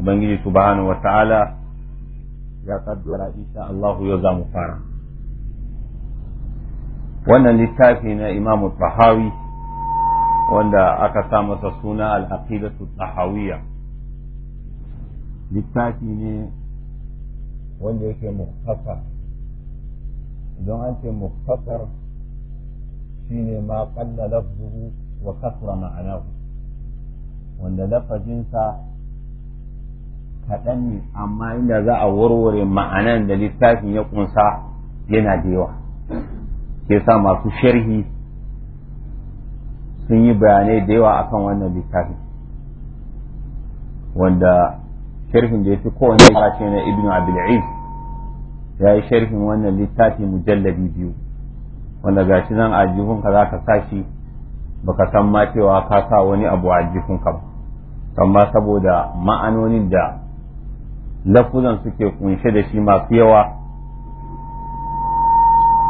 ubangiji subhanahu wa ta'ala ya kaddara insha Allahu yau za mu fara wannan littafi na imamu tahawi wanda aka sa masa suna al-aqidatu tahawiyya littafi ne wanda yake muktasar don an ce muktasar shine ma qalla lafzuhu wa kasra ma'anahu wanda lafazinsa kaɗan ne amma inda za a warware ma'anan da littafin ya ƙunsa, yana da yawa ke sa masu sharhi sun yi bayanai da yawa akan wannan littafin wanda sharhin da ya fi kowane ya ce na ibn abil'iz ya yi sharhin wannan littafin mujallabi biyu wanda ga shi nan a jihunka za ka sa shi baka san ma cewa ka sa wani abu a jihunka ba amma saboda ma'anonin da lafuzan suke kunshe da shi masu yawa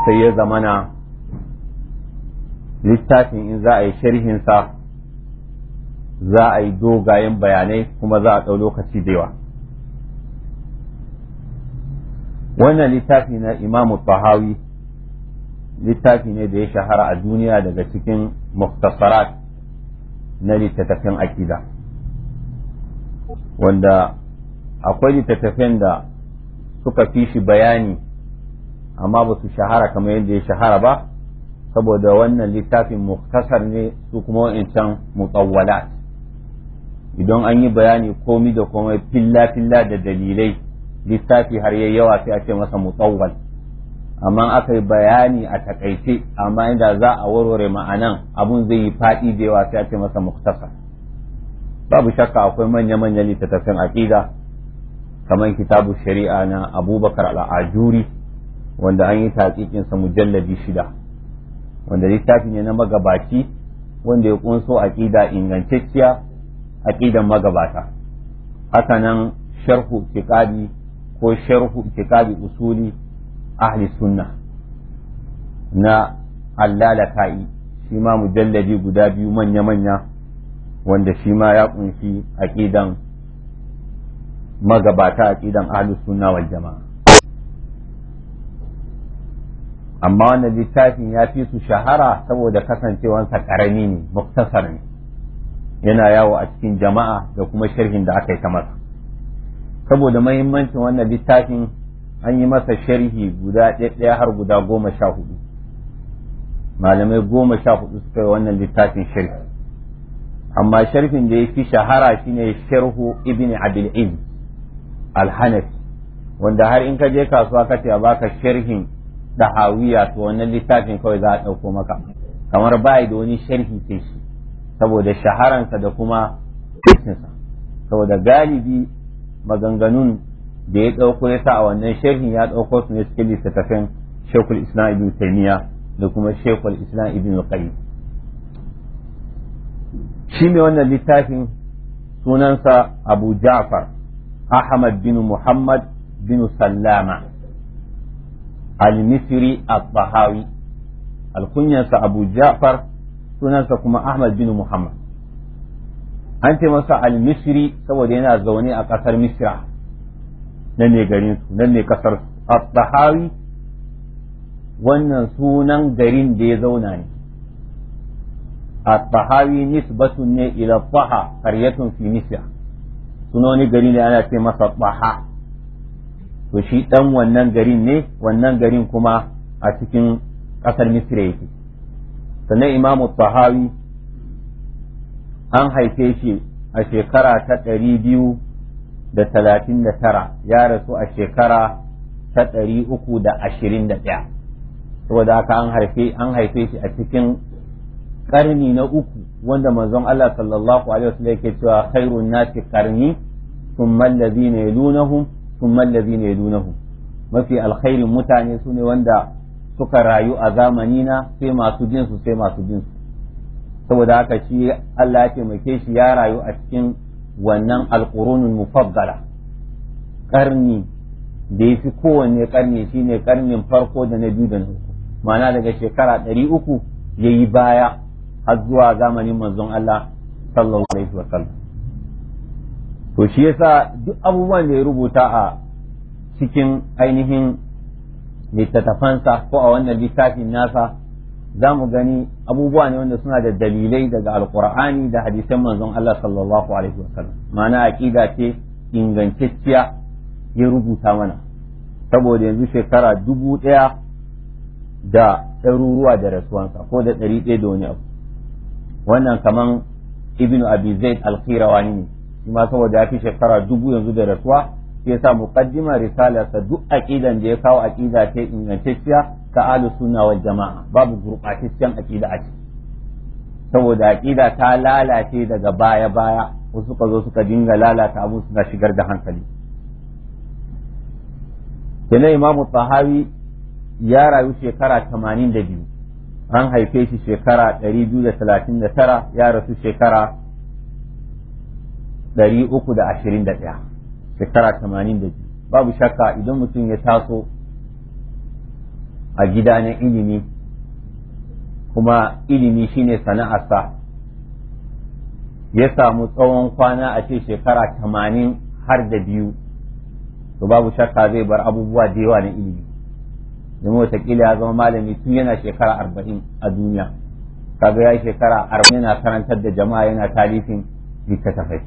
sai ya zamana littafin in za a yi sharhinsa za a yi dogayen bayanai kuma za a ɗau lokaci da yawa wannan littafi na imamu tahawi littafi ne da ya shahara a duniya daga cikin muktasarat na littattafin akida wanda akwai littattafan da suka fi shi bayani amma ba su shahara kamar yadda ya shahara ba saboda wannan littafin muktasar ne su kuma wa'incan mutsawwala idan an yi bayani komi da komai filla filla da dalilai littafi har yayi yawa sai a ce masa mutsawwal amma aka yi bayani a takaice amma inda za a warware ma'anan abun zai yi faɗi da yawa sai a ce masa muktasar babu shakka akwai manya-manyan littattafan aƙida kamar kitabu shari'a na abubakar al'ajuri wanda an yi taƙiƙinsa mujalladi shida wanda littafi ne na magabaci wanda ya ƙunso aƙida ingantacciya aƙidan magabata haka nan sharhu tiƙadi ko sharhu tiƙadi usuli ahli sunna na allalaka'i shi ma mujalladi guda biyu manya-manya wanda shi ma ya ƙunshi aƙidan magabata a ahlus sunna wal jama'a amma wannan littafin ya fi su shahara saboda kasancewansa karami ne muktasar ne yana yawo a cikin jama'a da kuma sharhin da aka yi ta masa saboda mahimmancin wannan littafin an yi masa sharhi guda ɗaya har guda goma sha hudu malamai goma sha hudu suka yi wannan littafin sharhi amma sharhin da ya fi shahara shine sharhu ibn abil'in alhanif wanda har in ka je kasuwa ka ce a baka sharhin hawiya to wannan littafin kawai za a ɗauko maka kamar bai da wani sharhi ke shi saboda shaharansa da kuma kusinsa saboda galibi maganganun da ya ɗauko ya sa a wannan sharhin ya ɗauko su ne cikin littattafin shekul islam ibn taimiya da kuma shekul islam ibn shi ne wannan littafin sunansa abu ja'far أحمد بن محمد بن سلامة المصري الطهاوي الكنية أبو جعفر sunansa kuma Ahmad bin Muhammad an ce masa al-Misri saboda yana zaune a ƙasar Misira. nan ne garin nan ne ƙasar at wannan sunan garin da ya zauna ne At-Tahawi nisbatun ne ila Taha qaryatun fi Misra suna wani gari ne ana ce masa baha to shi ɗan wannan garin ne wannan garin kuma a cikin ƙasar misira yake sannan imamu tahawi an haife shi a shekara ta ɗari biyu da talatin da tara ya rasu a shekara ta ɗari uku da ashirin da ɗaya saboda haka an haife shi a cikin ƙarni na uku wanda manzon Allah sallallahu alaihi wasallam yake cewa khairun nasi qarni thumma alladhina yalunahum thumma alladhina yalunahum mafi alkhairin mutane sune wanda suka rayu a zamani na sai masu jin su sai masu jin su saboda haka shi Allah ya taimake shi ya rayu a cikin wannan alqurunul mufaddala karni da ya fi kowanne karni shine karnin farko da na biyu da na uku ma'ana daga shekara ɗari uku ya yi baya har zuwa zamanin manzon Allah sallallahu alaihi wa sallam to shi yasa duk abubuwan da ya rubuta a cikin ainihin littattafansa ko a wannan littafin nasa za mu gani abubuwa ne wanda suna da dalilai daga alkur'ani da hadisan manzon Allah sallallahu alaihi wa sallam ma'ana aqida ce ingantacciya ya rubuta mana saboda yanzu shekara dubu ɗaya da ɗaruruwa da rasuwansa ko da ɗari ɗaya da wani abu wannan kaman ibnu abi zaid al-qirawani ne shi saboda ya fi shekara dubu yanzu da rasuwa sai yasa muqaddima risalarsa duk aqidan da ya kawo aqida ta ingantacciya ka ahlu sunna wal jama'a babu gurbataccen aqida a ciki saboda aqida ta lalace daga baya baya wasu suka zo suka dinga lalata abu suna shigar da hankali kenan imamu tahawi ya rayu shekara 82 an haife shi shekara 239 ya rasu shekara 321 shekara 82 babu shakka idan mutum ya taso a gida na ilimi kuma ilimi shine sana'arsa ya samu tsawon kwana a ce shekara 80 har da biyu to babu shakka zai bar abubuwa da yawa na ilimi mota watakila ya zama malami tun yana shekara arba'in a duniya kaga ya shekara arba'in yana karantar da jama'a yana talifin littattafai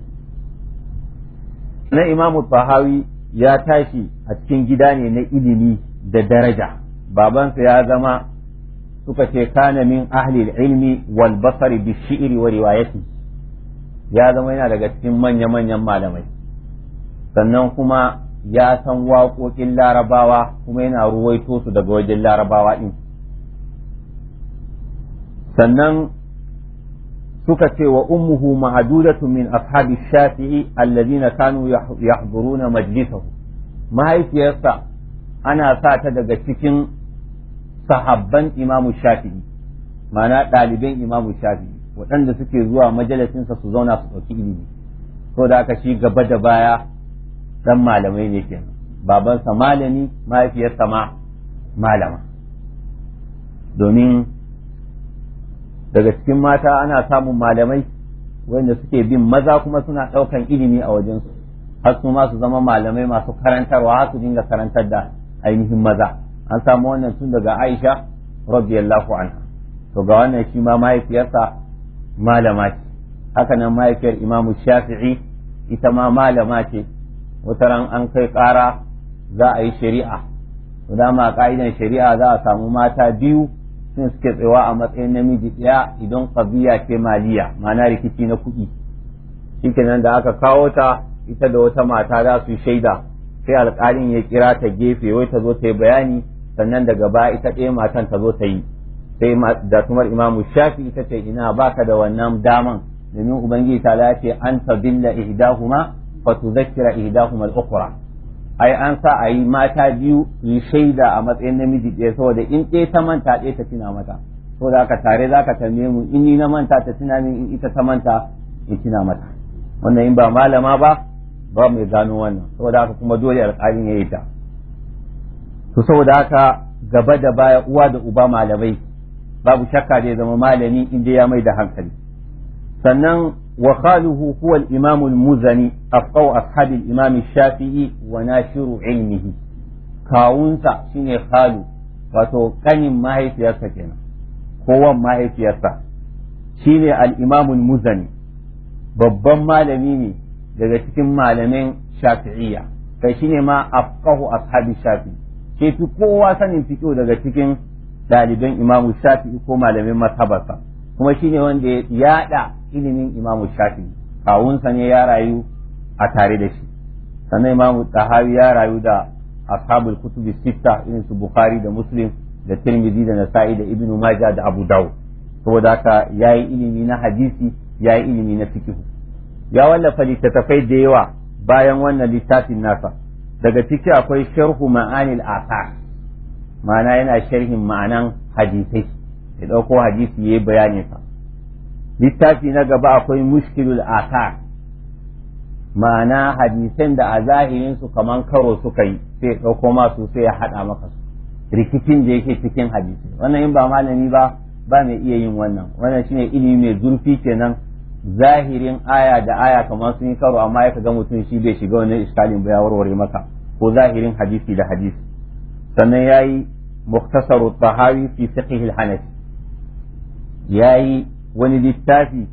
na imamu bahawi ya tashi a cikin gida ne na ilimi da daraja babansa ya zama suka ce kana min ahli ilmi wal basari bi shi'ri wa riwayati ya zama yana daga cikin manya-manyan malamai sannan kuma ya san waƙoƙin larabawa kuma yana ruwaito su daga wajen larabawa ɗin sannan suka ce wa ummuhu mahadudatu min ashabi shafi'i alladhina kanu yahduruna majlisahu mahaifiyarsa ana sa ta daga cikin sahabban imamu shafi'i ma'ana ɗaliban imamu shafi'i waɗanda suke zuwa majalisinsa su zauna su ɗauki ilimi so da aka shi gaba da baya dan malamai ne ke babansa malami mahaifiyarsa ma malama domin daga cikin mata ana samun malamai wanda suke bin maza kuma suna ɗaukan ilimi a wajensu har su ma su zama malamai masu karantarwa har su dinga karantar da ainihin maza an samu wannan tun daga aisha radiyallahu anha to ga wannan shi ma mahaifiyarsa malama ce haka nan mahaifiyar imamu shafi'i ita ma malama ce wata ran an kai ƙara za a yi shari'a to dama ka'idan shari'a za a samu mata biyu sun suke tsawa a matsayin namiji ɗaya idan ƙabiya ke maliya ma'ana rikici na kuɗi shikenan da aka kawo ta ita da wata mata za su shaida sai alƙalin ya kira ta gefe wai ta zo ta yi bayani sannan daga baya ita ɗaya matan ta zo ta yi sai da tumar imamu shafi ita ce ina baka da wannan daman domin ubangiji ta ce an tabilla ihdahuma fatuzakkira ihdahuma al-ukhra ai an sa a yi mata biyu yi shaida a matsayin namiji ɗaya saboda in ɗaya ta manta ɗaya ta tuna mata so da aka tare za ka tambaye mu in ni na manta ta tuna min in ita ta manta in tuna mata wannan in ba malama ba ba mai gano wannan saboda haka kuma dole alƙalin ya yi ta to saboda gaba da baya uwa da uba malamai babu shakka zama malami in dai ya mai da hankali sannan وخاله هو الإمام المزني أفقو أصحاب Shafi'i الشافعي وناشر علمه Kawunsa شين خالو wato kanin mahaifiyarsa kenan kowan mahaifiyarsa shine al-imamul muzani babban malami ne daga cikin malamin shafi'iyya kai shine ma afqahu ashabi shafi ke fi kowa sanin fiqh daga cikin ɗaliban imamu shafi'i ko malamin mazhabarsa kuma shine wanda ya yaɗa. ilimin imamu shafi kawunsa ne ya rayu a tare da shi sannan imamu tahawi ya rayu da ashabul kutubi sita irin su bukhari da muslim da tirmidhi da nasa'i da ibnu majah da abu dawud saboda haka yayi ilimi na hadisi yayi ilimi na fiqh ya wallafa littattafai da yawa bayan wannan littafin nasa daga ciki akwai sharhu ma'anil asa ma'ana yana sharhin ma'anan hadisai ya dauko hadisi yayi bayanin sa littafi na gaba akwai mushkilul aka ma'ana hadisan da a zahirin su kaman karo suka yi sai ɗauko masu sai ya haɗa maka su rikicin da yake cikin hadisi wannan in ba malami ba ba mai iya yin wannan wannan shine ilimi mai zurfi kenan zahirin aya da aya kaman sun yi karo amma ya ga mutum shi bai shiga wannan iskalin ba ya warware maka ko zahirin hadisi da hadisi sannan yayi muktasaru tahawi fi fiqh hanafi yayi wani littafi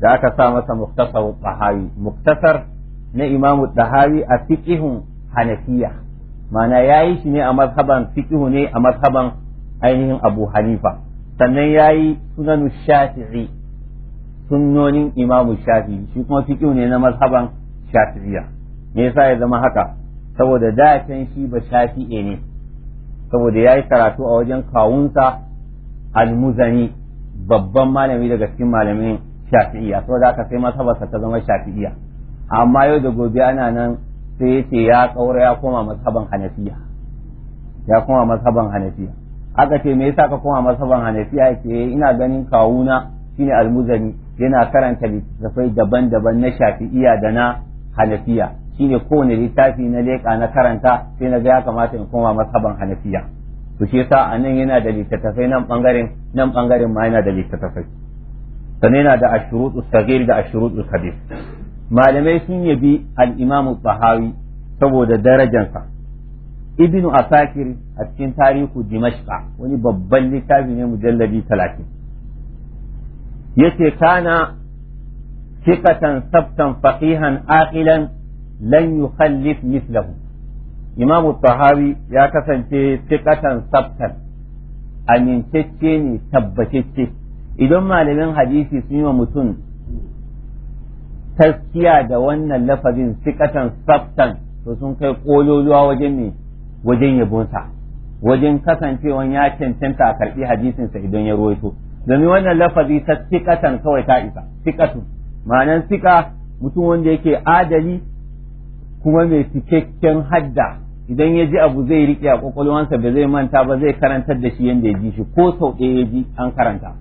da aka sa masa muktasar tahawi muktasar na imamu tahawi a fiqihun hanafiya mana yayi shi ne a mazhaban fiqihu ne a mazhaban ainihin abu hanifa sannan yayi sunanu shafi'i sunnonin imamu shafi'i shi kuma fiqihu ne na mazhaban shafi'iyya me yasa ya zama haka saboda da can shi ba shafi'i ne saboda yayi karatu a wajen kawunsa almuzani babban malami daga cikin malamin shafi'iya da aka sai masabarsa ta zama shafi'iya amma yau da gobe ana nan sai ya ce ya tsaura ya koma masaban hanafiya ya koma masaban hanafiya aka ce me yasa ka koma masaban hanafiya yake eh, ina ganin kawuna shine almuzani yana karanta littattafai daban-daban na shafi'iya da na hanafiya shine kowane littafi na leƙa na karanta sai na ga ya kamata in koma masaban hanafiya to shi yasa a nan yana da littattafai nan bangaren nan bangaren ma yana da littattafai sannan yana da ashurutu sagir da ashurutu kabir malamai sun yabi al-imamu bahawi saboda darajansa ibnu asakir a cikin tarihu dimashqa wani babban littafi ne mujalladi 30 yace kana ثقة سبتا فقيها عاقلا لن يخلف مثله imamu tahawi ya kasance fiƙatan sabtan amincacce ne tabbatacce idan malamin hadisi sun yi wa mutum taskiya da wannan lafazin fiƙatan sabtan to sun kai ƙololuwa wajen ne wajen yabonsa wajen kasancewan ya cancanta a karɓi hadisinsa idan ya ruwaito domin wannan lafazi ta fiƙatan kawai ta isa fiƙatu ma'anan fiƙa mutum wanda yake adali kuma mai cikakken hadda idan ya ji abu zai riƙe a ƙwaƙwalwansa ba zai manta ba zai karantar da shi yadda ya ji shi ko sau ɗaya ya ji an karanta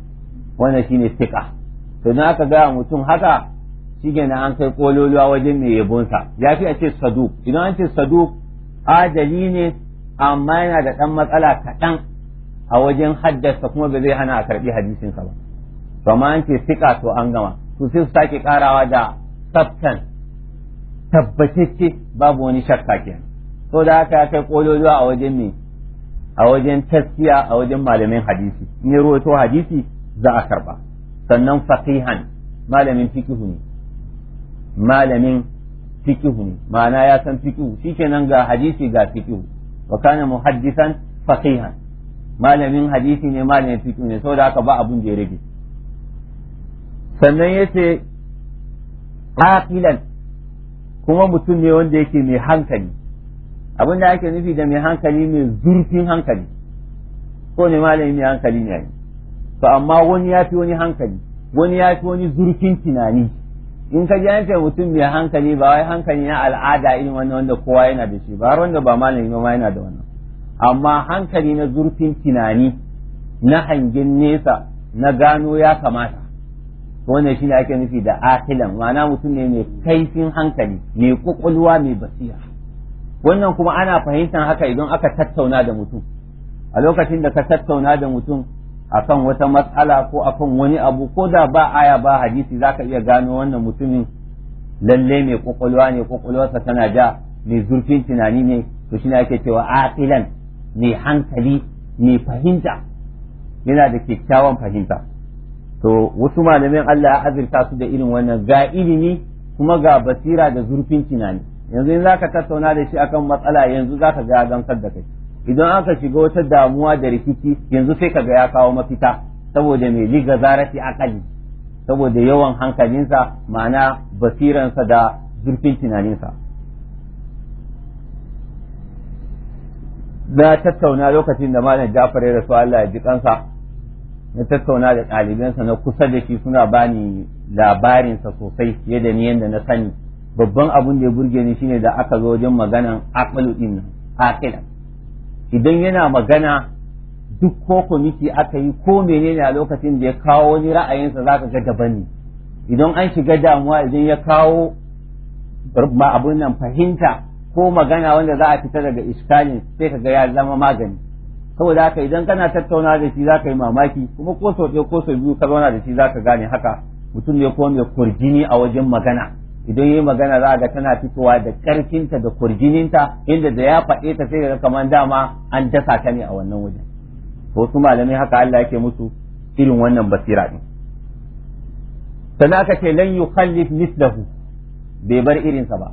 wannan ne fiqa to na aka gaya mutum haka shi na an kai ƙololuwa wajen mai yabonsa ya fi a ce saduk idan an ce saduk adali ne amma yana da ɗan matsala kaɗan a wajen haddasa kuma ba zai hana a karɓi hadisinsa ba to amma an ce to an gama to sai su sake karawa da sabtan tabbatacce babu wani shakka kenan so da haka kai kololuwa a wajen me a wajen taskiya a wajen malamin hadisi in ya ruwaito hadisi za a karba sannan faqihan malamin fikihu ne malamin fikihu ne ma'ana ya san fikihu shikenan ga hadisi ga fikihu wa kana muhaddisan faqihan malamin hadisi ne malamin fikihu ne saboda haka ba abun da ya rage sannan yace aqilan kuma mutum ne wanda yake mai hankali abin da ake nufi da mai hankali mai zurfin hankali ko ne malami mai hankali ne to amma wani ya fi wani hankali wani ya fi wani zurfin tunani in ka ji yanke mutum mai hankali ba wai hankali na al'ada irin wannan wanda kowa yana da shi ba har wanda ba malami ba ma yana da wannan amma hankali na zurfin tunani na hangen nesa na gano ya kamata wannan ne ake nufi da akilan ma'ana mutum ne mai kaifin hankali mai kwakwalwa mai basira wannan kuma ana fahimtar haka idan aka tattauna da mutum a lokacin da ka tattauna da mutum akan wata matsala ko akan wani abu ko da ba aya ba hadisi zaka iya gano wannan mutumin lalle mai kwakwalwa ne kwakwalwarsa tana da mai zurfin tunani ne to shine ake cewa aqilan mai hankali mai fahimta yana da kyakkyawan fahimta to wasu malamin Allah ya azurta su da irin wannan ga ilimi kuma ga basira da zurfin tunani yanzu in zaka tattauna da shi akan matsala yanzu zaka ga gamsar da kai idan aka shiga wata damuwa da rikici yanzu sai ka ga ya kawo mafita saboda mai liga zarafi akali saboda yawan hankalinsa ma'ana basiransa da zurfin tunaninsa na tattauna lokacin da malam Jafar ya rasu Allah ya ji kansa na tattauna da ɗalibansa na kusa da shi suna bani labarinsa sosai fiye da ni yadda na sani babban abin da ya burge ni shine da aka zo wajen maganan aqlu din aqila idan yana magana duk ko komiti aka yi ko menene a lokacin da ya kawo wani ra'ayinsa zaka ga daban ne idan an shiga damuwa idan ya kawo abun nan fahimta ko magana wanda za a fita daga iskalin sai ka ga ya zama magani saboda haka idan kana tattauna da shi zaka yi mamaki kuma ko sau ko sau biyu ka zauna da shi zaka gane haka mutum ne ko mai kurjini a wajen magana idan yi magana za ga tana fitowa da karfinta da kurjininta inda da ya faɗe ta sai da kamar dama an dasa ta ne a wannan wajen to wasu malami haka Allah yake musu irin wannan basira din sannan aka ce lan yukhallif mislahu bai bar irinsa ba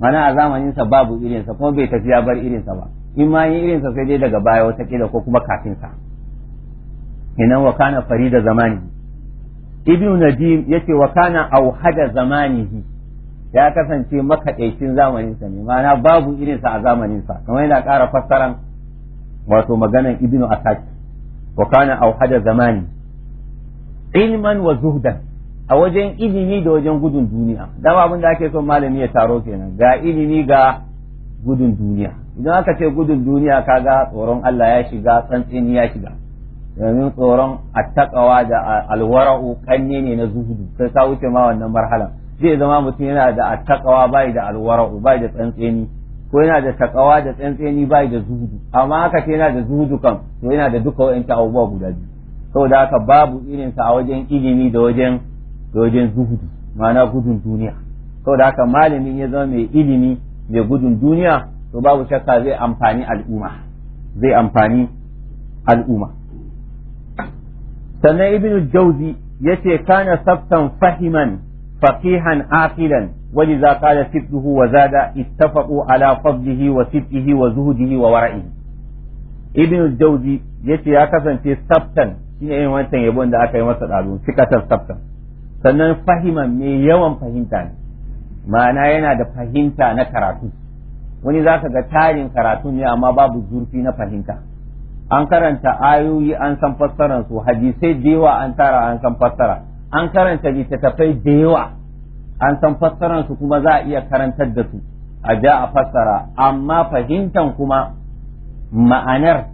mana a zamanin sa babu irinsa kuma bai tafi ya bar irinsa ba in ma yin irinsa sai dai daga baya wata kila ko kuma kafin sa Ina wa kana farida zamani ibnu nadim yace wa kana auhada zamanihi ya kasance makaɗaicin zamaninsa ne ma'ana babu irinsa a zamaninsa kamar yana ƙara fassaran wato maganar ibnu asaki wa kana auhada zamani ilman wa zuhdan a wajen ilimi da wajen gudun duniya dan abin da ake so malami ya taro kenan ga ilimi ga gudun duniya idan aka ce gudun duniya kaga tsoron Allah ya shiga tsantsini ya shiga domin tsoron attaqawa da alwara'u kanne ne na zuhudu sai ka wuce ma wannan marhalan zai zama mutum yana da takawa bai da alwara'u bai da tsantseni ko yana da takawa da tsantseni bai da zuhudu amma haka ce yana da zuhudu kan to yana da duka wa'ancan abubuwa guda biyu saboda haka babu irinsa a wajen ilimi da wajen da wajen zuhudu ma'ana gudun duniya saboda haka malamin ya zama mai ilimi mai gudun duniya to babu shakka zai amfani al'umma zai amfani al'umma sannan ibnu jauzi yace kana saftan fahiman فقيها عاقلا ولذا قال سبته وزاد اتفقوا على فضله وسبته وزهده وورعه ابن الجوزي yace ya kasance sabtan shine irin wancan yabon da aka yi masa dalu sikatar sabtan sannan fahiman mai yawan fahimta ne ma'ana yana da fahimta na karatu wani za ka ga tarin karatu ne amma babu zurfi na fahimta an karanta ayoyi an san fassarar su hadisai da yawa an tara an san fassara an karanta littattafai da yawa an san fassaran su kuma za a iya karantar da su a ja a fassara amma fahimtan kuma ma'anar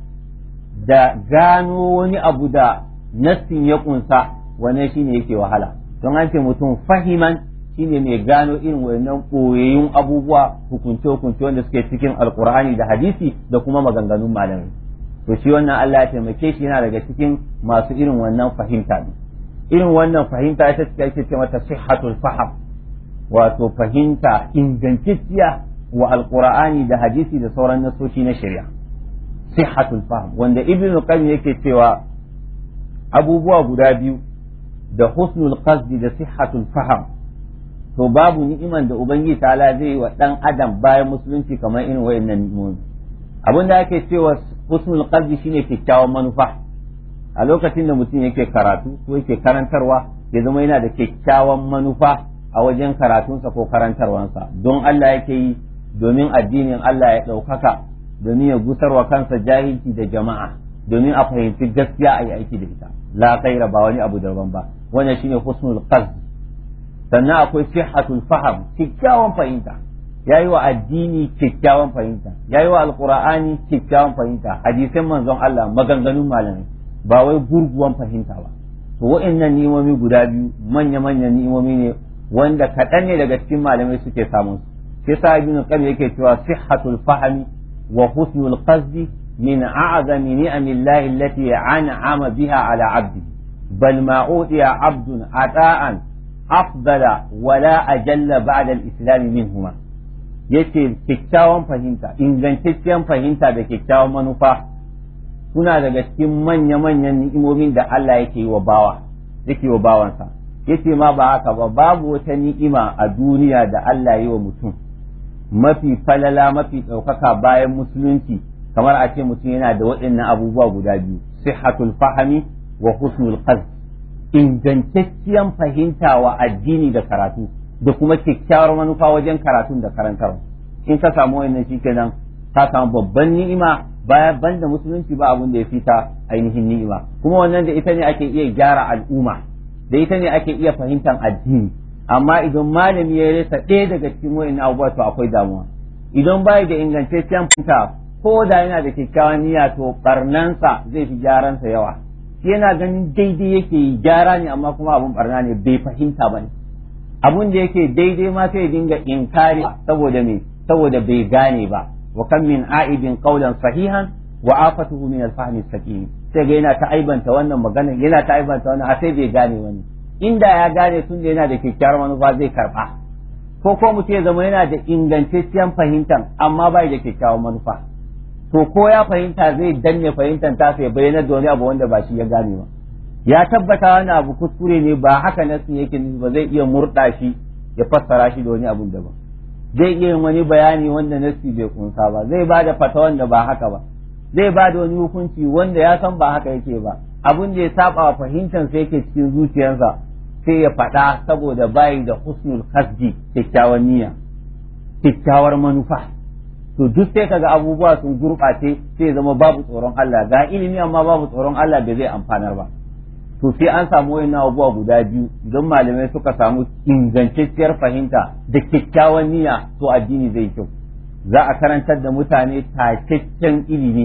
da gano wani abu da nassin ya kunsa wane shine yake wahala don an ce mutum fahiman shine mai gano irin wannan koyayyun abubuwa hukunce hukunce wanda suke cikin alkur'ani da hadisi da kuma maganganun malamai to shi wannan Allah ya taimake shi yana daga cikin masu irin wannan fahimta ne irin wannan fahimta ita ce ake ce mata sihhatul faham wato fahimta ingantacciya wa alqur'ani da hadisi da sauran nasoshi na shari'a sihhatul faham wanda ibn qayyim yake cewa abubuwa guda biyu da husnul qasdi da sihhatul faham to babu ni'iman da ubangiji ta'ala zai yi wa dan adam bayan musulunci kamar irin wayannan ni'imomi da ake cewa husnul qasdi shine kyakkyawan manufa a lokacin da mutum yake karatu ko yake karantarwa ya zama yana da kyakkyawan manufa a wajen karatunsa ko karantarwansa don Allah yake yi domin addinin Allah ya ɗaukaka domin ya gusarwa kansa jahilci da jama'a domin a fahimci gaskiya a yi aiki da ita la kaira ba wani abu daban ba wannan shine husnul qasd sannan akwai sihhatul faham kyakkyawan fahimta ya wa addini kyakkyawan fahimta ya wa Alqur'ani kyakkyawan fahimta hadisan manzon Allah maganganun malamai ba wai gurguwan fahimta ba to wa'annan ni'imomi guda biyu manya-manyan ni'imomi ne wanda kaɗan ne daga cikin malamai suke samun su sai sa ibn qayyim yake cewa sihhatul fahmi wa husnul qasdi min a'zami ni'amillahi allati an'ama biha ala 'abdi bal ma utiya 'abdun ata'an afdala wala ajalla ba'da al-islam minhuma yace kyakkyawan fahimta ingantacciyar fahimta da kyakkyawan manufa suna daga cikin manya-manyan ni'imomin da Allah yake yi wa bawa yake wa bawansa yace ma ba haka ba babu wata ni'ima a duniya da Allah yi wa mutum mafi falala mafi ɗaukaka bayan musulunci kamar a ce mutum yana da waɗannan abubuwa guda biyu sihatul fahami wa husnul qasd ingantacciyar fahimta wa addini da karatu da kuma kyakkyawar manufa wajen karatun da karantarwa in ka samu wannan shi kenan ka samu babban ni'ima baya banda musulunci ba abin da ya fita ainihin ni'ima kuma wannan da ita ne ake iya gyara al'umma da ita ne ake iya fahimtar addini amma idan malami ya rasa ɗaya daga cikin wayannan abubuwa to akwai damuwa idan bai da ingantaccen fita ko da yana da kyakkyawan niyya to barnansa zai fi gyaransa yawa shi yana ganin daidai yake yi gyara ne amma kuma abun barna ne bai fahimta ba ne abun da yake daidai ma sai dinga inkari saboda me saboda bai gane ba وكم من min a'ibin صحيحا sahihan من الفهم min fahmi sakin sai yana ta aibanta wannan magana yana ta wannan A sai bai gane wani inda ya gane tun da yana da kyakkyawar manufa zai karba ko ko mutum ya zama yana da ingantacciyar fahimtar amma bai da kyakkyawar manufa to ko ya fahimta zai danne fahimtar ta sai bayyana da wani abu wanda ba shi ya gane ba ya tabbata wani abu kuskure ne ba haka nasu yake ba zai iya murda shi ya fassara shi da wani abu daban zai iya yin wani bayani wanda nasi bai kunsa ba zai ba da fata wanda ba haka ba zai ba da wani hukunci wanda ya san ba haka yake ba abin da ya saba wa fahimtar sai yake cikin zuciyarsa sai ya faɗa saboda bayi da husnul kasdi kyakkyawar niyya kyakkyawar manufa to duk sai kaga abubuwa sun gurɓace sai zama babu tsoron Allah ga ilimi amma babu tsoron Allah bai zai amfanar ba to sai an samu wayannan abubuwa guda biyu don malamai suka samu ingantacciyar fahimta da kyakkyawan niyya to addini zai kyau za a karantar da mutane takakken ilimi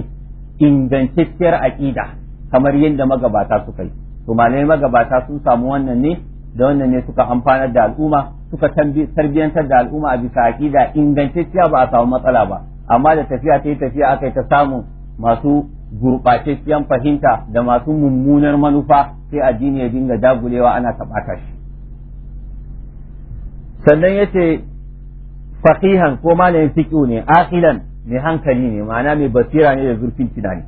ingantacciyar aƙida kamar yadda magabata suka yi to malamai magabata sun samu wannan ne da wannan ne suka amfanar da al'umma suka tarbiyantar da al'umma a bisa aƙida ingantacciya ba a samu matsala ba amma da tafiya ta tafiya aka yi ta samu masu gurɓatacciyar fahimta da masu mummunar manufa sai addini ya dinga dagulewa ana taɓata shi sannan ya ce faqihan ko malamin fiƙo ne aqilan mai hankali ne ma'ana mai basira ne da zurfin tunani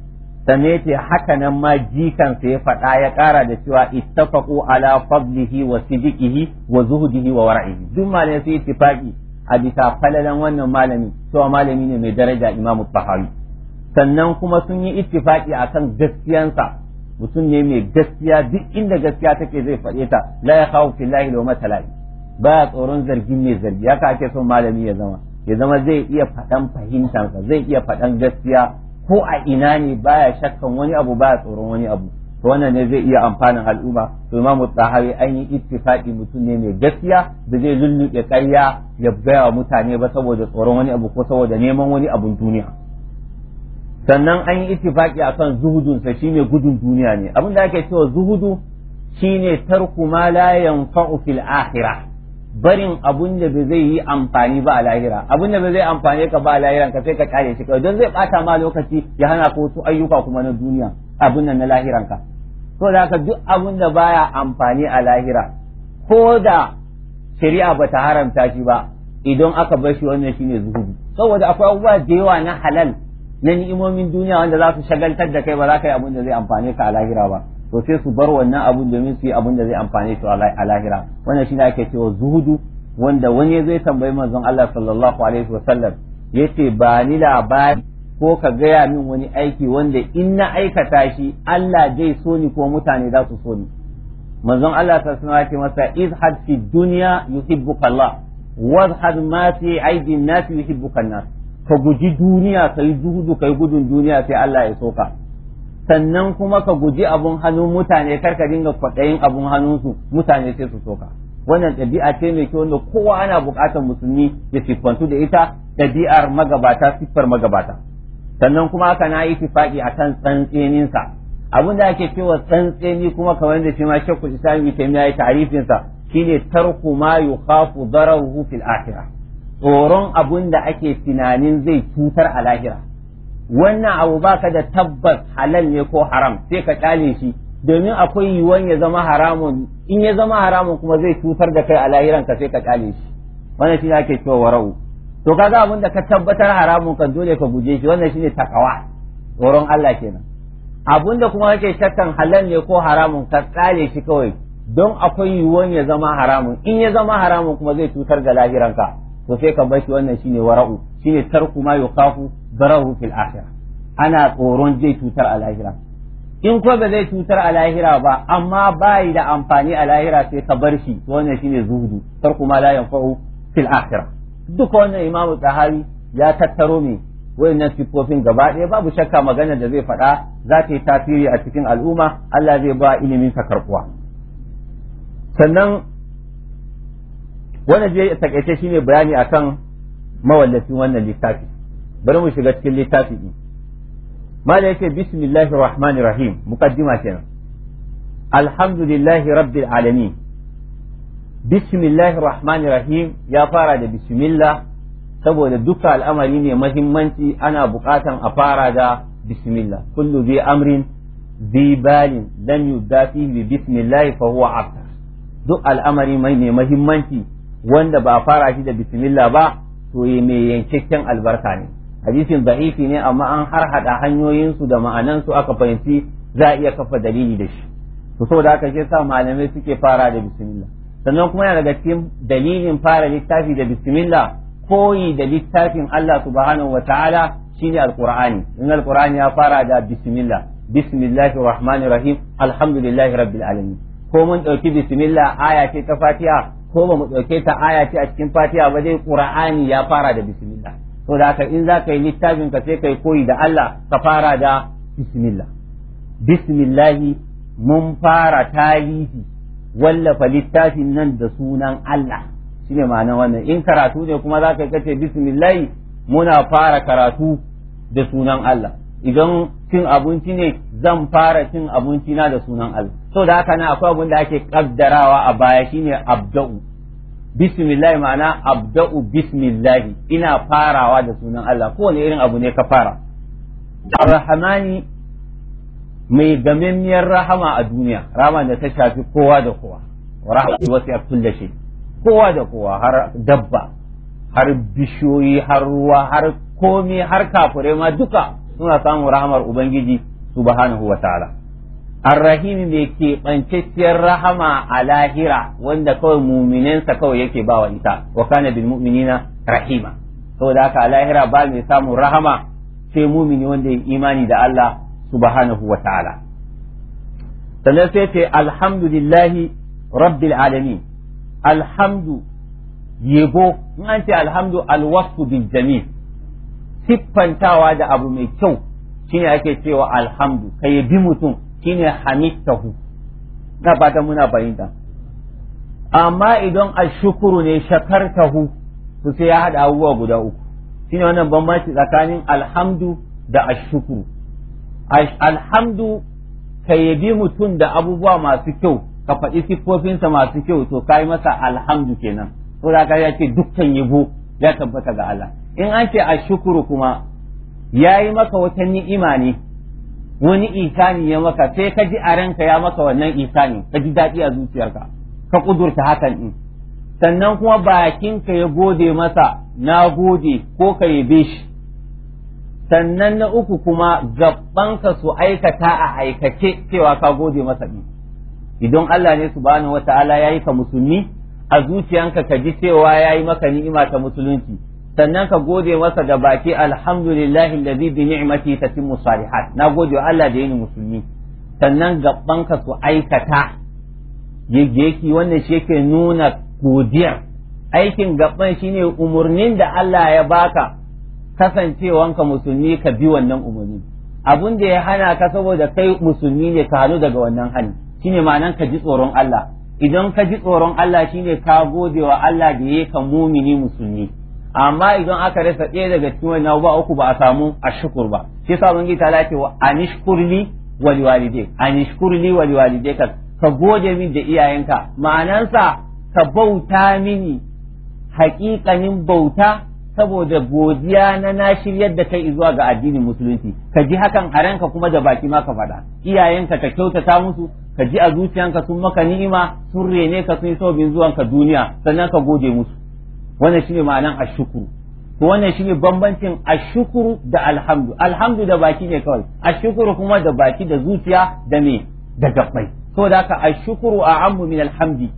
sannan ya ce haka nan ma jikansa ya faɗa ya ƙara da cewa ittafaqu ala fadlihi wa sidiqihi wa zuhudihi wa wara'ihi duk malamin sai ittifaqi a bisa falalan wannan malami cewa malami ne mai daraja imamu tahawi sannan kuma sun yi ittifaki kan gaskiyansa mutum ne mai gaskiya duk inda gaskiya take zai faɗe ta la ya khawu fillahi law matalai baya tsoron zargin mai zargi haka ake son malami ya zama ya zama zai iya faɗan fahimtansa zai iya faɗan gaskiya ko a ina ne baya shakkan wani abu baya tsoron wani abu to wannan ne zai iya amfanin al'umma to imam an yi ittifaqi mutum ne mai gaskiya da zai lulluɓe ƙarya ya gaya wa mutane ba saboda tsoron wani abu ko saboda neman wani abun duniya sannan an yi ittifaki akan zuhudunsa shine gudun duniya ne abin da ake cewa zuhudu shine tarku ma la yanfa'u fil barin abun da ba zai yi amfani ba a lahira abun da ba zai amfani ka ba a lahira ka sai ka kare shi ka don zai bata ma lokaci ya hana ka wasu ayyuka kuma na duniya abun nan na lahiran ka to da ka duk abun da baya amfani a lahira ko da shari'a ba ta haramta shi ba idan aka bar shi wannan shine zuhudu saboda akwai abubuwa da yawa na halal na ni'imomin duniya wanda za su shagaltar da kai ba za ka yi abin da zai amfane ka a lahira ba to sai su bar wannan abun domin su yi abin da zai amfane su a lahira wannan ne ake cewa zuhudu wanda wani zai tambayi manzon Allah sallallahu alaihi wasallam yace ba ni labari ko ka gaya min wani aiki wanda in na aikata shi Allah zai so ni ko mutane za su so ni manzon Allah sallallahu alaihi wasallam masa izhad fi dunya yuhibbuka Allah wadhhad ma fi aidin nas yuhibbuka nas ka guji duniya ka yi zuhudu ka yi gudun duniya sai Allah ya soka sannan kuma ka guji abun hannun mutane karka dinga kwaɗayin abun hannunsu mutane sai su soka wannan ɗabi'a ce mai kyau wanda kowa ana buƙatar musulmi ya siffantu da ita ɗabi'ar magabata siffar magabata sannan kuma haka na yi tifaƙi kan tsantseninsa abin da ake cewa tsantseni kuma kamar da shi ma shekul islam ta yi tarifinsa shine tarku ma yukhafu zarar fil akhirah tsoron abun da ake tunanin zai cutar a lahira wannan abu baka da tabbas halal ne ko haram sai ka kyale shi domin akwai yiwuwar ya zama haramun in ya zama haramun kuma zai cutar da kai a lahiran ka sai ka kyale shi wannan shine ake cewa wara'u to kaga abin da ka tabbatar haramun kan dole ka guje shi wannan shine takawa tsoron Allah kenan abin da kuma kake shakkan halal ne ko haramun ka tsale shi kawai don akwai yiwuwar ya zama haramun in ya zama haramun kuma zai cutar da lahiranka to sai ka bashi wannan shine wara'u shine tarku ma yuqafu darahu fil akhirah ana tsoron zai cutar a lahira in ko ba zai cutar a lahira ba amma bai da amfani a lahira sai ka bar shi to wannan shine zuhudu tarku ma la yanfa'u fil akhirah duk wannan Imam tsahawi ya tattaro me wayannan sifofin gaba ɗaya babu shakka magana da zai faɗa za ta yi tasiri a cikin al'umma Allah zai ba ilimin sa karkuwa sannan wannan je takaice shine bayani akan mawallafin wannan littafi bari mu shiga cikin littafi din mala yake bismillahir rahmanir rahim muqaddima kenan alhamdulillahi rabbil alamin bismillahir rahmanir rahim ya fara da bismillah saboda duka al'amari ne mahimmanci ana buƙatan a fara da bismillah kullu bi amrin bi balin lam yudafi bi bismillah fa huwa abtar duk al'amari mai ne mahimmanci wanda ba fara shi da bismillah ba to mai yankakken albarka ne hadisin ba'ifi ne amma an har hada hanyoyinsu da ma'anansu aka fahimci za a iya kafa dalili da shi to saboda haka shi sa malamai suke fara da bismillah sannan kuma yana daga cikin dalilin fara littafi da bismillah koyi da littafin Allah subhanahu wa ta'ala shine alqur'ani in alqur'ani ya fara da bismillah bismillahir rahmanir rahim alhamdulillahi rabbil alamin ko mun dauki bismillah aya ce ta fatiha ko ba mu ɗauke ta aya ce a cikin fatiha ba dai qur'ani ya fara da bismillah to da haka in za ka yi littafin ka sai ka kai koyi da Allah ka fara da bismillah bismillahi mun fara tarihi wallafa littafin nan da sunan Allah shine ma'anar wannan in karatu ne kuma za ka kace bismillahi muna fara karatu da sunan Allah idan cin abinci ne zan fara cin abinci na da sunan Allah so da haka na akwai abin da ake kaddarawa a baya shine abda'u bismillah ma'ana abda'u bismillah ina farawa da sunan Allah ko wani irin abu ne ka fara arhamani mai miyar rahama a duniya rahama da ta shafi kowa da kowa rahama wasu ya kulle kowa da kowa har dabba har bishiyoyi har ruwa har komi har kafure ma duka suna samun rahamar ubangiji subhanahu wa ta'ala arrahimi mai keɓantacciyar rahama a lahira wanda kawai muminansa kawai yake ba wa ita wa kana bil rahima saboda haka a lahira ba mai samun rahama sai mumini wanda ya imani da Allah subhanahu wa ta'ala sannan sai ce alhamdulillahi rabbil alamin alhamdu yebo in ce alhamdu alwasfu bil jamil siffantawa da abu mai kyau shine ake cewa alhamdu ka yabi mutum shine hamittahu na fata muna fahimta amma idan ashukuru ne shakartahu to sai ya hada abubuwa guda uku shine wannan bambanci tsakanin alhamdu da ashukuru alhamdu ka yabi mutum da abubuwa masu kyau ka faɗi siffofinsa masu kyau to ka masa alhamdu kenan to da ka ce dukkan yabo ya tabbata ga Allah in an ce ashukuru kuma yayi maka wata ni'ima ne wani isani ya maka sai ka ji a ranka ya maka wannan isani ka ji daɗi a zuciyarka ka kudurta hakan din sannan kuma bakinka ya gode masa na gode ko ka yabe shi sannan na uku kuma gabbanka su aikata a aikace cewa ka gode masa din idan Allah ne subhanahu wataala yayi ka musulmi a zuciyanka ka ji cewa yayi maka ni'ima ta musulunci sannan ka gode masa da baki alhamdulillahi alladhi bi ni'mati tatimmu salihat na gode Allah da yini musulmi sannan ka su aikata yake wannan shi yake nuna godiyar aikin gaban shine umurnin da Allah ya baka kasancewanka musulmi ka bi wannan umurni abun da ya hana ka saboda kai musulmi ne ka hannu daga wannan hali shine ma'anan ka ji tsoron Allah idan ka ji tsoron Allah shine ka gode wa Allah da yake mumini musulmi amma idan aka rasa ɗaya daga cikin wani ba uku ba a samu a shukur ba shi sa ubangiji ta ce wa anishkurli wali liwalidai anishkurli ka ka gode min da iyayenka ma'anansa ka bauta mini haƙiƙanin bauta saboda godiya na na shiryar da kai zuwa ga addinin musulunci ka ji hakan haranka kuma da baki ma ka faɗa iyayenka ka kyautata musu ka ji a zuciyanka sun maka ni'ima sun rene ka sun yi saubin zuwanka duniya sannan ka gode musu wannan shine ma'anan ashukuru to wannan shine bambancin ashukuru da alhamdu alhamdu da baki ne kawai ashukuru kuma da baki da zuciya da me da gabbai saboda haka ashukuru a ammu min alhamdi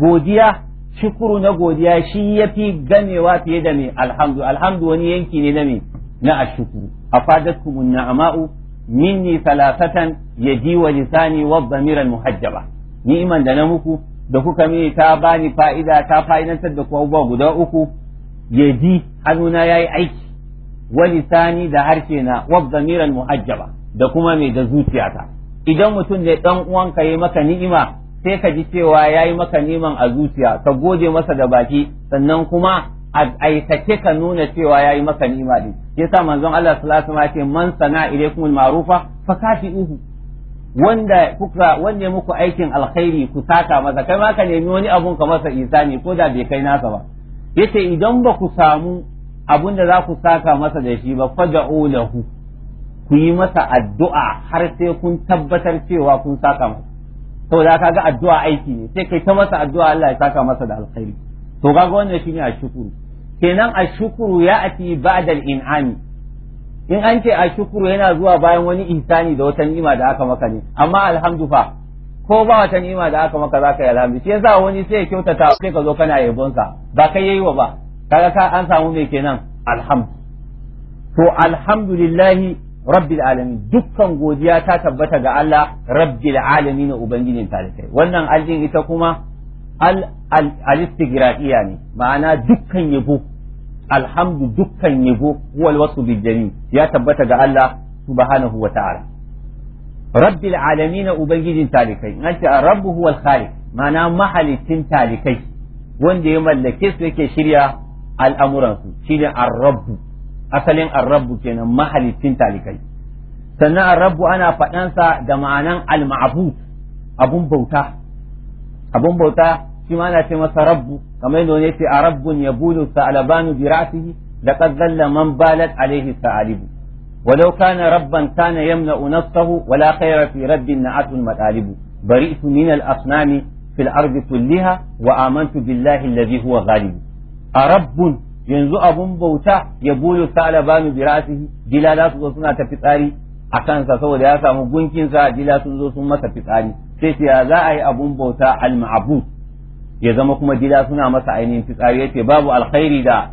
godiya shukuru na godiya shi yafi gamewa fiye da me alhamdu alhamdu wani yanki ne na me na ashukuru afadatkum ni'ma'u minni thalathatan yadi wa lisani wa dhamiran muhajjaba ni'iman da na muku da kuka mini ta bani fa'ida ta fa'idantar da ku abubuwa guda uku ya ji hannuna ya yi aiki wani sani da harshe na wa zamiran muhajjaba da kuma mai da zuciyata idan mutum ne dan uwanka yi maka ni'ima sai ka ji cewa ya yi maka niman a zuciya ka gode masa da baki sannan kuma a aikace ka nuna cewa ya yi maka ni'ima din yasa manzon Allah sallallahu alaihi wasallam ya ce man sana'a ilaykumul ma'rufa fa uhu wanda kuka wanda muku aikin alkhairi ku saka masa kai ma ka nemi wani abun ka masa ne ko da bai kai nasa ba yace idan ba ku samu abun da za ku saka masa da shi ba fad'u lahu ku yi masa addu'a har sai kun tabbatar cewa kun saka masa saboda kaga addu'a aiki ne sai kai ta masa addu'a Allah ya saka masa da alkhairi to kaga wannan shine ashukuru kenan ashukuru ya ati ba'da al-in'ami in an ce a shukuru yana zuwa bayan wani insani da wata ni'ima da aka maka ne amma alhamdu fa ko ba wata ni'ima da aka maka zaka yi alhamdu shi yasa wani sai ya kyautata sai ka zo kana yabon sa ba kai yayi wa ba kaga ka an samu me kenan alhamdu to alhamdulillahi rabbil alamin dukkan godiya ta tabbata ga Allah rabbil alamin ubangijin talikai wannan aljin ita kuma al al ne ma'ana dukkan yabo alhamdu dukkan yabo huwal wasu bijami ya tabbata ga Allah subhanahu wa ta'ala rabbil alamin ubangijin talikai an ce rabbu huwal khaliq ma'ana mahalicin talikai wanda ya mallake su yake shirya al'amuran su shine ar-rabbu asalin ar-rabbu kenan mahalicin talikai sannan ar-rabbu ana faɗansa da ma'anan al-ma'bud abun bauta abun bauta shi ma ana ce masa rabbu kamar yadda wani yace arabbun yabulu sa'alabanu bi ra'sihi laqad dhalla man balat alayhi sa'alibu ولو كان ربا كان يمنع نصه ولا خير في رب نعت مطالب برئت من الأصنام في الأرض كلها وآمنت بالله الذي هو غالب أرب ينزو أبن بوتا يبول ثعلبان برأسه جلالات وصنع تفتاري akan sa saboda ya samu gunkin sa jila sun zo sun masa fitsari sai sai ya za a yi abun bauta al-ma'bud ya zama kuma gida suna masa ainihin fitsari yace babu alkhairi da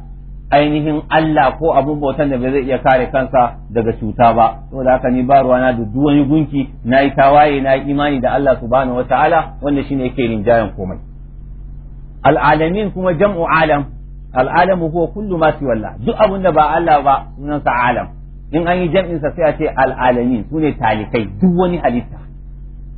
ainihin Allah ko abun bautan da bai zai iya kare kansa daga cuta ba saboda haka ni ba ruwana da duk wani gunki na yi tawaye na yi imani da Allah subhanahu wataala wanda shine yake rinjayen komai al'alamin kuma jam'u alam al'alamu huwa kullu ma siwa walla duk abun da ba Allah ba sunansa alam in an yi jam'in sa sai a ce al'alamin sune talikai duk wani halitta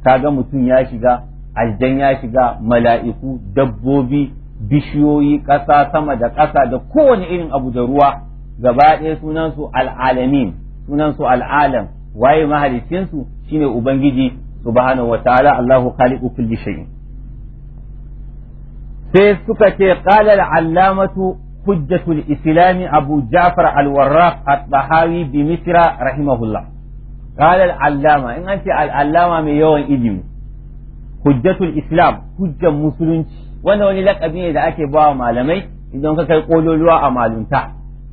kaga mutum ya shiga aljan ya shiga mala'iku dabbobi bishiyoyi ƙasa sama da ƙasa da kowane irin abu da ruwa gaba ɗaya sunansu al'alamin sunansu al'alam waye mahalicinsu shine ubangiji subhanahu wa ta'ala Allahu khaliqu kulli shay'in sai suka ce ƙalar allamatu hujjatul islami abu ja'far al-warraq at-tahawi bi misra rahimahullah ƙalar allama in an ce al mai yawan ilimi hujjatul islam hujjan musulunci wanda wani lakabi ne da ake ba wa malamai idan ka kai kololuwa a malunta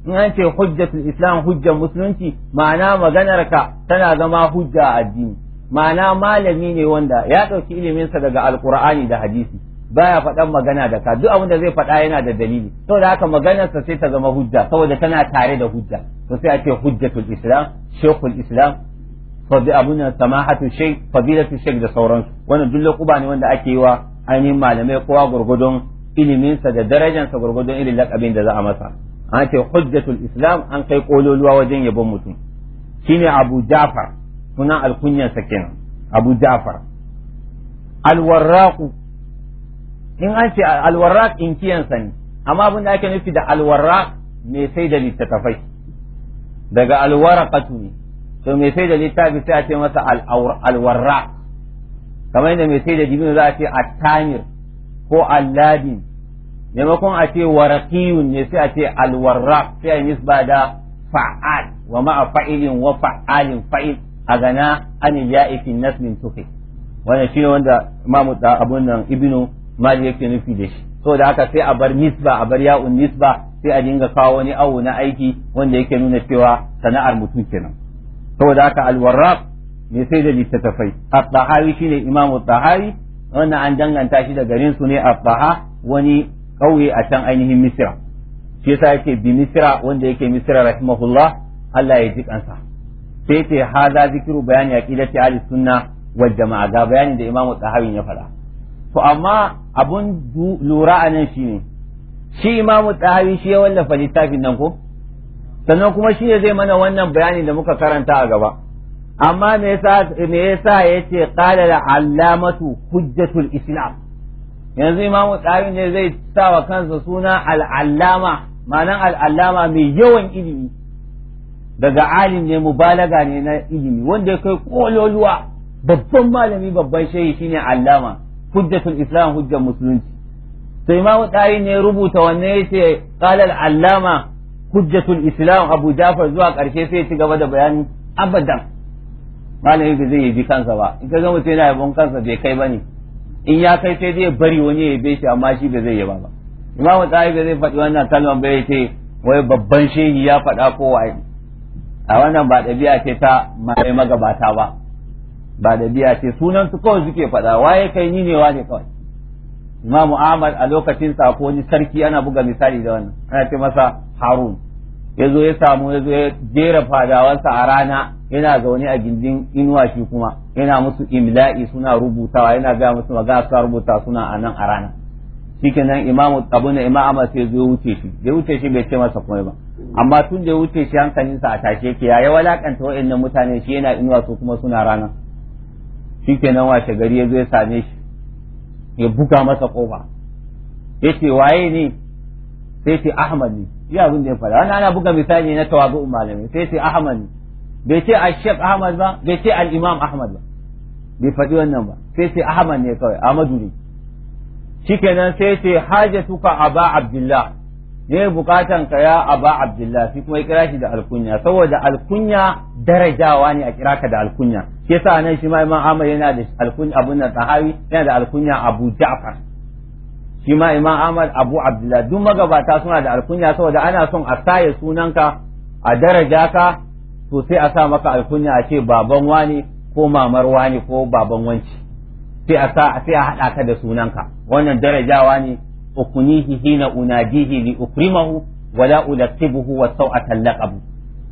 in an ce hujjatul islam hujjan musulunci ma'ana maganarka tana zama hujja a addini ma'ana malami ne wanda ya ɗauki iliminsa daga alkur'ani da hadisi baya faɗan magana da ka duk abin da zai faɗa yana da dalili saboda haka maganarsa sai ta zama hujja saboda tana tare da hujja to sai a ce hujjatul islam shekul islam abuna samahatu shaykh fadilatu shaykh da sauransu wannan duk laquba ne wanda ake yi wa ainihin malamai kowa gurgudun iliminsa da darajansa gurgudun irin lakabin da za a masa an ce hujjatul islam an kai kololuwa wajen yabon mutum shine abu jafar sunan alkunyansa kenan abu jafar alwarraqu in an ce alwarraq in ne amma abin da ake nufi da alwarraq mai sai da littattafai daga alwaraqatu ne to me sai da littafi sai a ce masa alwarra kamar yadda me sai da jibin za a ce attamir ko alladin maimakon a ce warakiyun ne sai a ce alwarra sai a yi nisba da fa'al wa ma'a fa'ilin wa fa'alin fa'il a gana an ya fi nasmin tufi wannan ne wanda mamu da abun nan ibnu mali yake nufi da shi da haka sai a bar nisba a bar ya'un nisba sai a dinga kawo wani awo na aiki wanda yake nuna cewa sana'ar mutum kenan saboda haka alwarraf mai sai da littattafai at-tahawi shine imamu tahawi wannan an danganta shi da garin su ne at-taha wani kauye a can ainihin misra shi yasa yake bi misra wanda yake misra rahimahullah Allah ya ji kansa sai ce haza zikiru bayani aqidati ahli sunna wal jama'a ga bayani da imamu tahawi ya faɗa to amma abun lura anan shine shi imamu tahawi shi ya wallafa littafin nan ko sannan kuma shi ne zai mana wannan bayanin da muka karanta a gaba amma me yasa me yasa yace qala la allamatu hujjatul islam yanzu imamu tsari ne zai sa wa kansa suna al'allama ma'anan al'alama mai yawan ilimi daga alim ne mubalaga ne na ilimi wanda ya kai kololuwa babban malami babban shehi shine allama hujjatul islam hujjar musulunci sai imamu tsari ne rubuta wanne yace qala allama. hujjatul islam abu jafar zuwa karshe sai ci gaba da bayani abadan malami ba zai yabi kansa ba in ka ga mutum yana yabon kansa bai kai bane in ya kai sai zai bari wani ya yabe shi amma shi ba zai yaba ba imamu tsari ba zai faɗi wannan kalmar ba ya ce wai babban shehi ya faɗa ko waye a wannan ba ɗabi'a ce ta mai magabata ba ba ɗabi'a ce sunan su kawai suke faɗa waye kai ni ne wane kawai Imam Ahmad a lokacin sa ko wani sarki ana buga misali da wannan ana ce masa Harun ya zo ya samu ya zo ya jera fadawansa a rana yana zaune a gindin inuwa shi kuma yana musu imla'i suna rubutawa yana gaya musu magana suna rubuta suna a nan a rana shikenan imamu abu na imam Ahmad sai ya wuce shi da wuce shi bai ce masa komai ba amma tun da wuce shi hankalinsa a tashe ke ya walakanta wa'annan mutane shi yana inuwa su kuma suna rana shikenan washe gari ya zo ya same shi ya buga masa ya ce waye ne sai ce ahmad ne ya abin da ya faɗa wani ana buga misali na tawazu malamai sai ce ahmad ne bai ce a sheikh ahmad ba bai ce al-imam ahmad ba bai faɗi wannan ba sai ce ahmad ne kawai ahmadu ne kenan sai ce a ba abdullah ne bukatan ka ya a ba abdullah sai kuma ya kira shi da alkunya saboda alkunya darajawa ne a kira ka da alkunya yasa nan shi ma imam Ahmad yana da alkunya abun nan sahabi yana da alkunya Abu Ja'far shi ma imam Ahmad Abu Abdullah duk magabata suna da alkunya saboda ana son a saye sunanka a daraja ka to sai a sa maka alkunya a ce baban wani ko mamar wani ko baban wanci sai a sa sai a hada ka da sunanka wannan darajawa ne ukunihi hina unadihi li ukrimahu wala ulaqibuhu wa sau'atan laqabu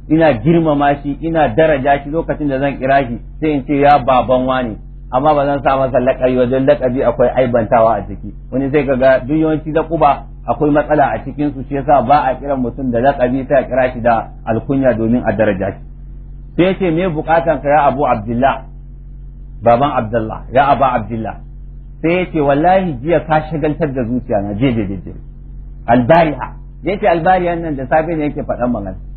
ina girmama shi ina daraja shi lokacin da zan kira shi sai in ce ya baban wani amma ba zan sa masa lakabi wajen lakabi akwai aibantawa a ciki wani sai ga duk yawanci da kuba akwai matsala a cikin su shi yasa ba a kiran mutum da lakabi sai a kira shi da alkunya domin a daraja shi sai ce me bukatan ka ya abu abdullah baban abdullah ya aba abdullah sai ya ce wallahi jiya ka shagaltar da zuciya na je je je albariya yace nan da safe ne yake faɗan magana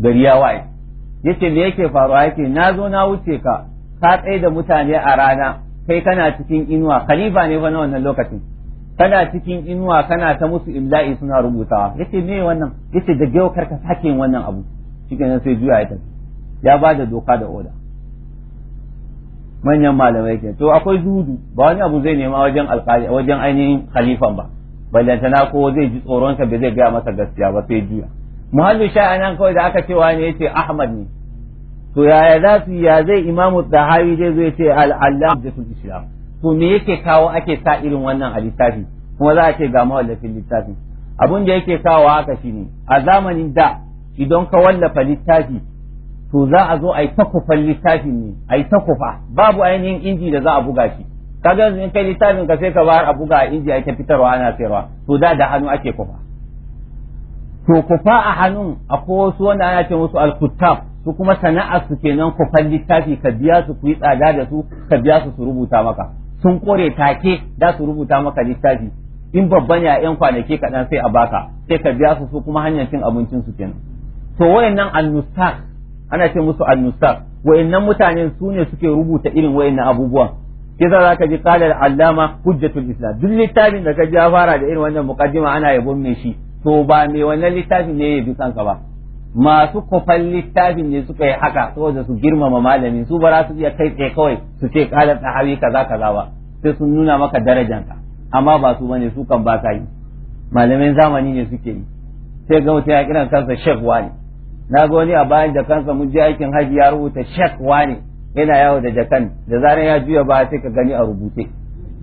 gari ya waye yace me yake faruwa yake na zo na wuce ka ka tsaye da mutane a rana kai kana cikin inuwa khalifa ne fa na wannan lokacin kana cikin inuwa kana ta musu imla'i suna rubutawa yace me wannan yace da gewa karka sake yin wannan abu cikin sai juya ya ya ba da doka da oda manyan malamai ke to akwai zuhudu ba wani abu zai nema wajen alƙali wajen ainihin khalifan ba ballantana ko zai ji tsoronsa ba zai gaya masa gaskiya ba sai juya muhallu sha nan kawai da aka cewa ne yace ahmad ne to yaya za su ya zai imamu dahawi zai zo yace al-allah da sun islam to me yake kawo ake sa irin wannan a littafi kuma za a ce ga mawallafin littafi abun da yake kawo haka shine a zamanin da idan ka wallafa littafi to za a zo a yi takufan littafin ne a yi takufa babu ainihin inji da za a buga shi kaga in kai littafin ka sai ka bar a buga a inji a ta fitarwa ana sayarwa to da da hannu ake kufa to kufa a hannun akwai wasu wanda ana ce musu alkutab su kuma sana'ar su kenan kufan littafi ka biya su ku yi tsada da su ka biya su su rubuta maka sun kore take da su rubuta maka littafi in babban ya yan kwanaki kaɗan sai a baka sai ka biya su su kuma hanyar cin abincin su kenan to wayannan annustar ana ce musu annustak wayannan mutanen su ne suke rubuta irin wayannan abubuwan kisa za ka ji kalar allama hujjatul islam duk littafin da ka ji ya fara da irin wannan muqaddima ana yabon mai shi to ba mai wannan littafin ne ya bi kansa ba masu kofar littafin ne suka yi haka saboda su girmama malami su ba su iya kai tsaye kawai su ce kalar sahabi kaza kaza ba sai sun nuna maka darajanka amma ba su bane su kan ba ka yi malamin zamani ne suke yi sai ga mutum ya kiran kansa shek wani na ga wani a bayan da kansa mun je aikin haji ya rubuta shek wani yana yawo da jakan da zaran ya juya ba sai ka gani a rubuce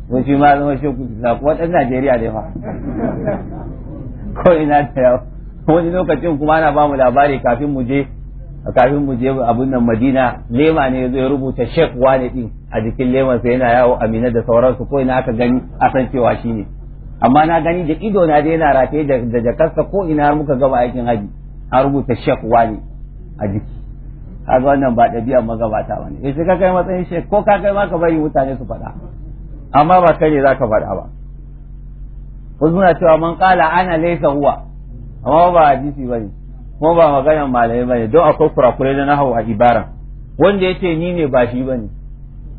wani shi ma zama shek kusa ɗan Najeriya ne fa ko ina da yawa wani lokacin kuma ana ba mu labari kafin mu je kafin mu je abun nan Madina lema ne ya rubuta Sheikh wane din a jikin leman sai yana yawo Amina da sauransu ko ina aka gani a san cewa shine amma na gani da ido na dai yana rataye da jakarsa ko ina muka gaba aikin haji an rubuta Sheikh wane a jiki kaga wannan ba ɗabi'ar magabata bane eh sai ka kai matsayin Sheikh ko ka kai ma ka bari mutane su faɗa amma ba kai ne zaka faɗa ba wasu suna cewa man kala ana laisa huwa amma ba hadisi bane kuma ba maganar malamai bane don akwai kurakurai na nahawu a ibara wanda yace ni ne ba shi bane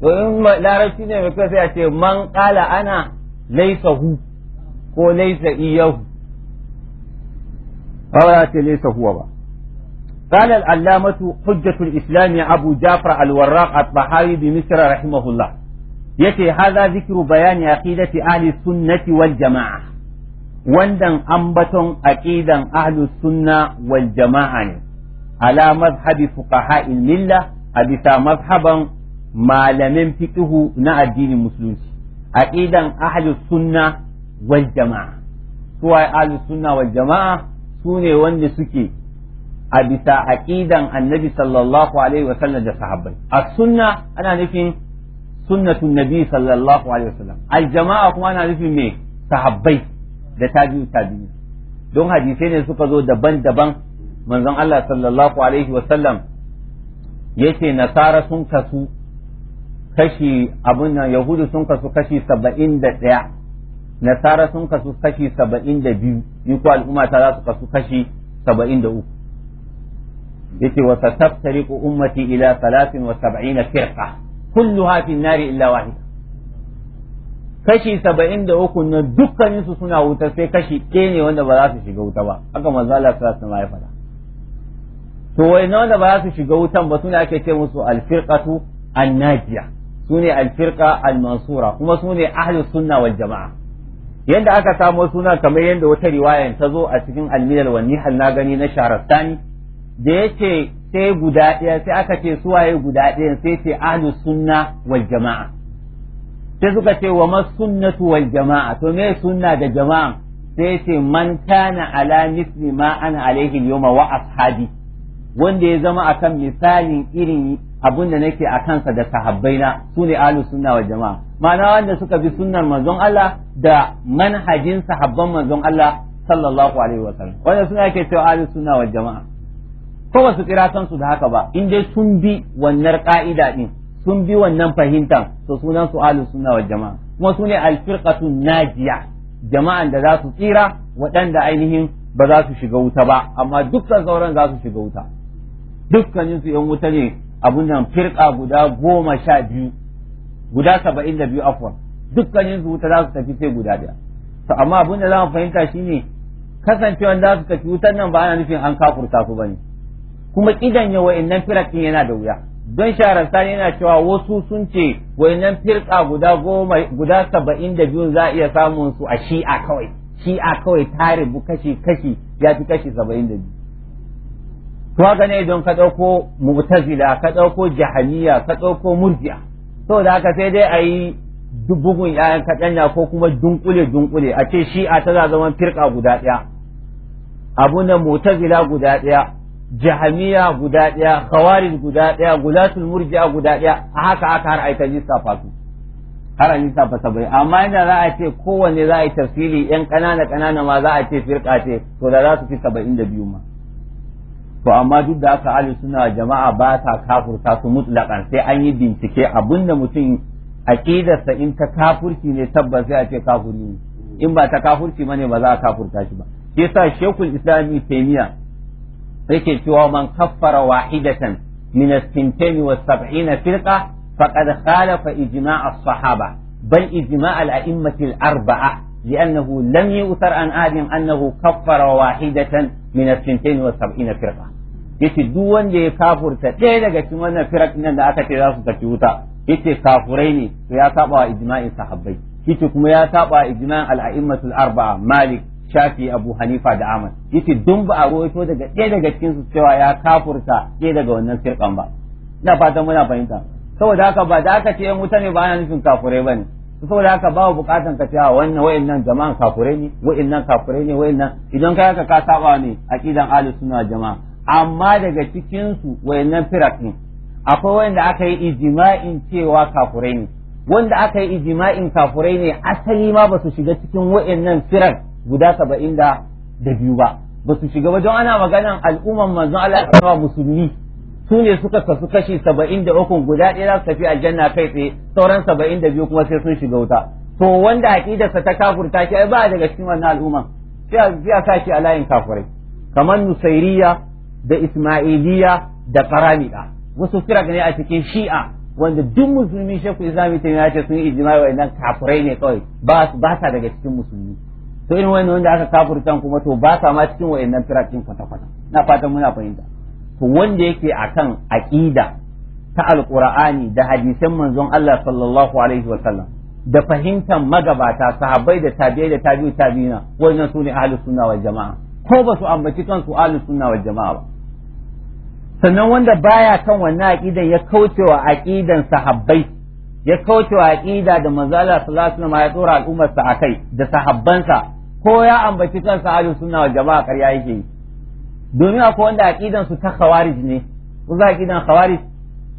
in larabci ne mai sai a ce man kala ana laisa hu ko laisa iyahu ba ba ce laisa huwa ba قال العلامة حجة الإسلام أبو جعفر الوراق الطحاوي بمصر رحمه الله يتي هذا ذكر بيان عقيدة أهل السنة والجماعة wannan ambaton aqidan ahlus sunna wal jama'a ne ala mazhabi fuqaha'il milla a bisa mazhaban malamin fiqhu na addinin musulunci aqidan ahlus sunna wal jama'a suwa ahlus sunna wal jama'a sune wanda suke a bisa aqidan annabi sallallahu alaihi wa sallam da sahabbai as sunna ana nufin sunnatun nabi sallallahu alaihi wa sallam al jama'a kuma ana nufin me sahabbai da tabi'u tabi'i don hadisai ne suka zo daban-daban manzon Allah sallallahu alaihi wasallam yake nasara sun kasu kashi abin nan yahudu sun kasu kashi saba'in da ɗaya nasara sun kasu kashi saba'in da biyu ni ko al'umma ta za su kasu kashi saba'in da uku yace wa taftariqu ummati ila salatin wa sab'ina firqa kulluha fi nari illa wahida kashi saba'in da uku na dukkanin suna wuta sai kashi ɗaya ne wanda ba za su shiga wuta ba haka manzo Allah sallallahu alaihi wasallam to wai na wanda ba za su shiga wutan ba suna ake ce musu alfirqatu annajiya sune alfirqa almansura kuma sune ahlus sunna wal jamaa yadda aka samo suna kamar yadda wata riwaya ta zo a cikin almilal wani nihal na gani na sharastani da yace sai guda ɗaya sai aka ce suwaye guda ɗaya sai ce ahlus sunna wal jamaa sai suka ce wa masunnatu wal jama'a to me sunna da jama'a sai ce man kana ala misli ma ana alaihi yawma wa ashabi wanda ya zama akan misalin irin abun da nake a kansa da sahabbaina su ne ahlus sunna wal jama'a ma'ana wanda suka bi sunnar manzon Allah da manhajin sahabban manzon Allah sallallahu alaihi wa sallam wanda suna ke cewa ahlus sunna wal jama'a ko ba su kira kansu da haka ba in dai sun bi wannan ka'ida din sun bi wannan fahimta to sunan su ahlus sunna wal jama'a kuma su ne alfirqatu najiya jama'an da za su tsira waɗanda ainihin ba za su shiga wuta ba amma dukkan sauran za su shiga wuta dukkanin su yan wuta ne abun nan firqa guda goma sha biyu guda saba'in da biyu afwan dukkanin su wuta za su tafi sai guda ɗaya to amma abun da za mu fahimta shine kasancewan za su tafi wutan nan ba ana nufin an kafurta su bane kuma kidan ya wa'annan firakin yana da wuya don Sani yana cewa wasu sun ce wainan firka guda goma guda saba'in da biyun za a iya samun su a shi'a kawai shi'a kawai ta ribu kashi kashi ya fi kashi saba'in da biyu to haka ne don ka ɗauko mu'tazila ka ɗauko jahaniya ka ɗauko murjiya to da haka sai dai a yi bugun ƴaƴan kaɗanya ko kuma dunkule dunkule a ce shi'a tana zama firka guda ɗaya abu na mu'tazila guda ɗaya jahamiya guda ɗaya khawarij guda ɗaya gulatul murji'a guda ɗaya a haka aka har ayi lissafa su har an lissafa sabai amma inda za a ce kowanne za a yi tafsiri yan ƙanana ƙanana ma za a ce firka ce to da za su fi saba'in da biyu ma to amma duk da aka ali suna jama'a ba ta kafurta su mutlaqan sai an yi bincike abinda mutum aqidarsa in ta kafurci ne tabbas sai a ce kafuri ne in ba ta kafurci ne ba za a kafurta shi ba shi yasa shekul islami taimiyya yake cewa man kaffara wahidatan min as-sintain wa sab'ina firqa faqad khalafa ijma' as-sahaba bal ijma' al-a'immati al-arba'a لأنه لم يؤثر عن آدم أنه كفر واحدة من الثنتين والسبعين firka yace duk wanda ya kafurta ɗaya daga cikin wannan firak nan da aka ce za su tafi wuta yace kafurai ne to ya saba wa ijma'in sahabbai yace kuma ya saba wa ijma'in al-a'immatul arba'a malik shafi abu hanifa da ahmad yace dun ba a rawaito daga ɗaya daga cikin su cewa ya kafurta ɗaya daga wannan firqan ba ina fatan muna fahimta saboda haka ba da aka ce yan wuta ne ba ana nufin kafurai ne saboda haka ba bukatan ka cewa wannan wa'annan jama'an kafurai ne wa'annan kafurai ne wa'annan idan ka ka saba ne aqidan ahli sunna jama'a amma daga cikin su wayannan firak ne akwai wanda aka yi ijima'in cewa kafurai ne wanda aka yi ijima'in kafurai ne asali ma ba su shiga cikin wayannan firak guda saba'in da biyu ba ba su shiga wajen ana maganan al'umman manzon Allah musulmi su ne suka kasu kashi saba'in da uku guda ɗaya za su tafi aljanna kai tsaye sauran saba'in da biyu kuma sai sun shiga wuta to wanda aqidarsa ta kafurta shi ai ba daga cikin wannan al'umman sai a sa shi a layin kafurai kamar nusairiya da ismailiya da karamiɗa wasu firak ne a cikin shi'a wanda duk musulmi shekul islami ta ya ce sun yi ijma'i wa nan kafurai ne kawai ba sa daga cikin musulmi to irin wani wanda aka kafurtan kuma to ba sa ma cikin wayannan firakin kwata-kwata na fatan muna fahimta to wanda yake akan aqida ta alqur'ani da hadisan manzon Allah sallallahu alaihi wa sallam da fahimtar magabata sahabbai da tabi'ai da tabi'u tabi'ina wannan sune ahlus sunna wal jama'a ko ba su ambaci su ahlus sunna wal jama'a ba sannan wanda baya kan wannan aqidan ya kaucewa aqidan sahabbai ya kaucewa aqida da manzon Allah sallallahu alaihi wa sallam ya tsora sa akai da sa ko ya ambaci kansa ahlus suna wa jama'a ƙarya yake yi domin akwai wanda aqidan su ta khawarij ne ko za aqidan khawarij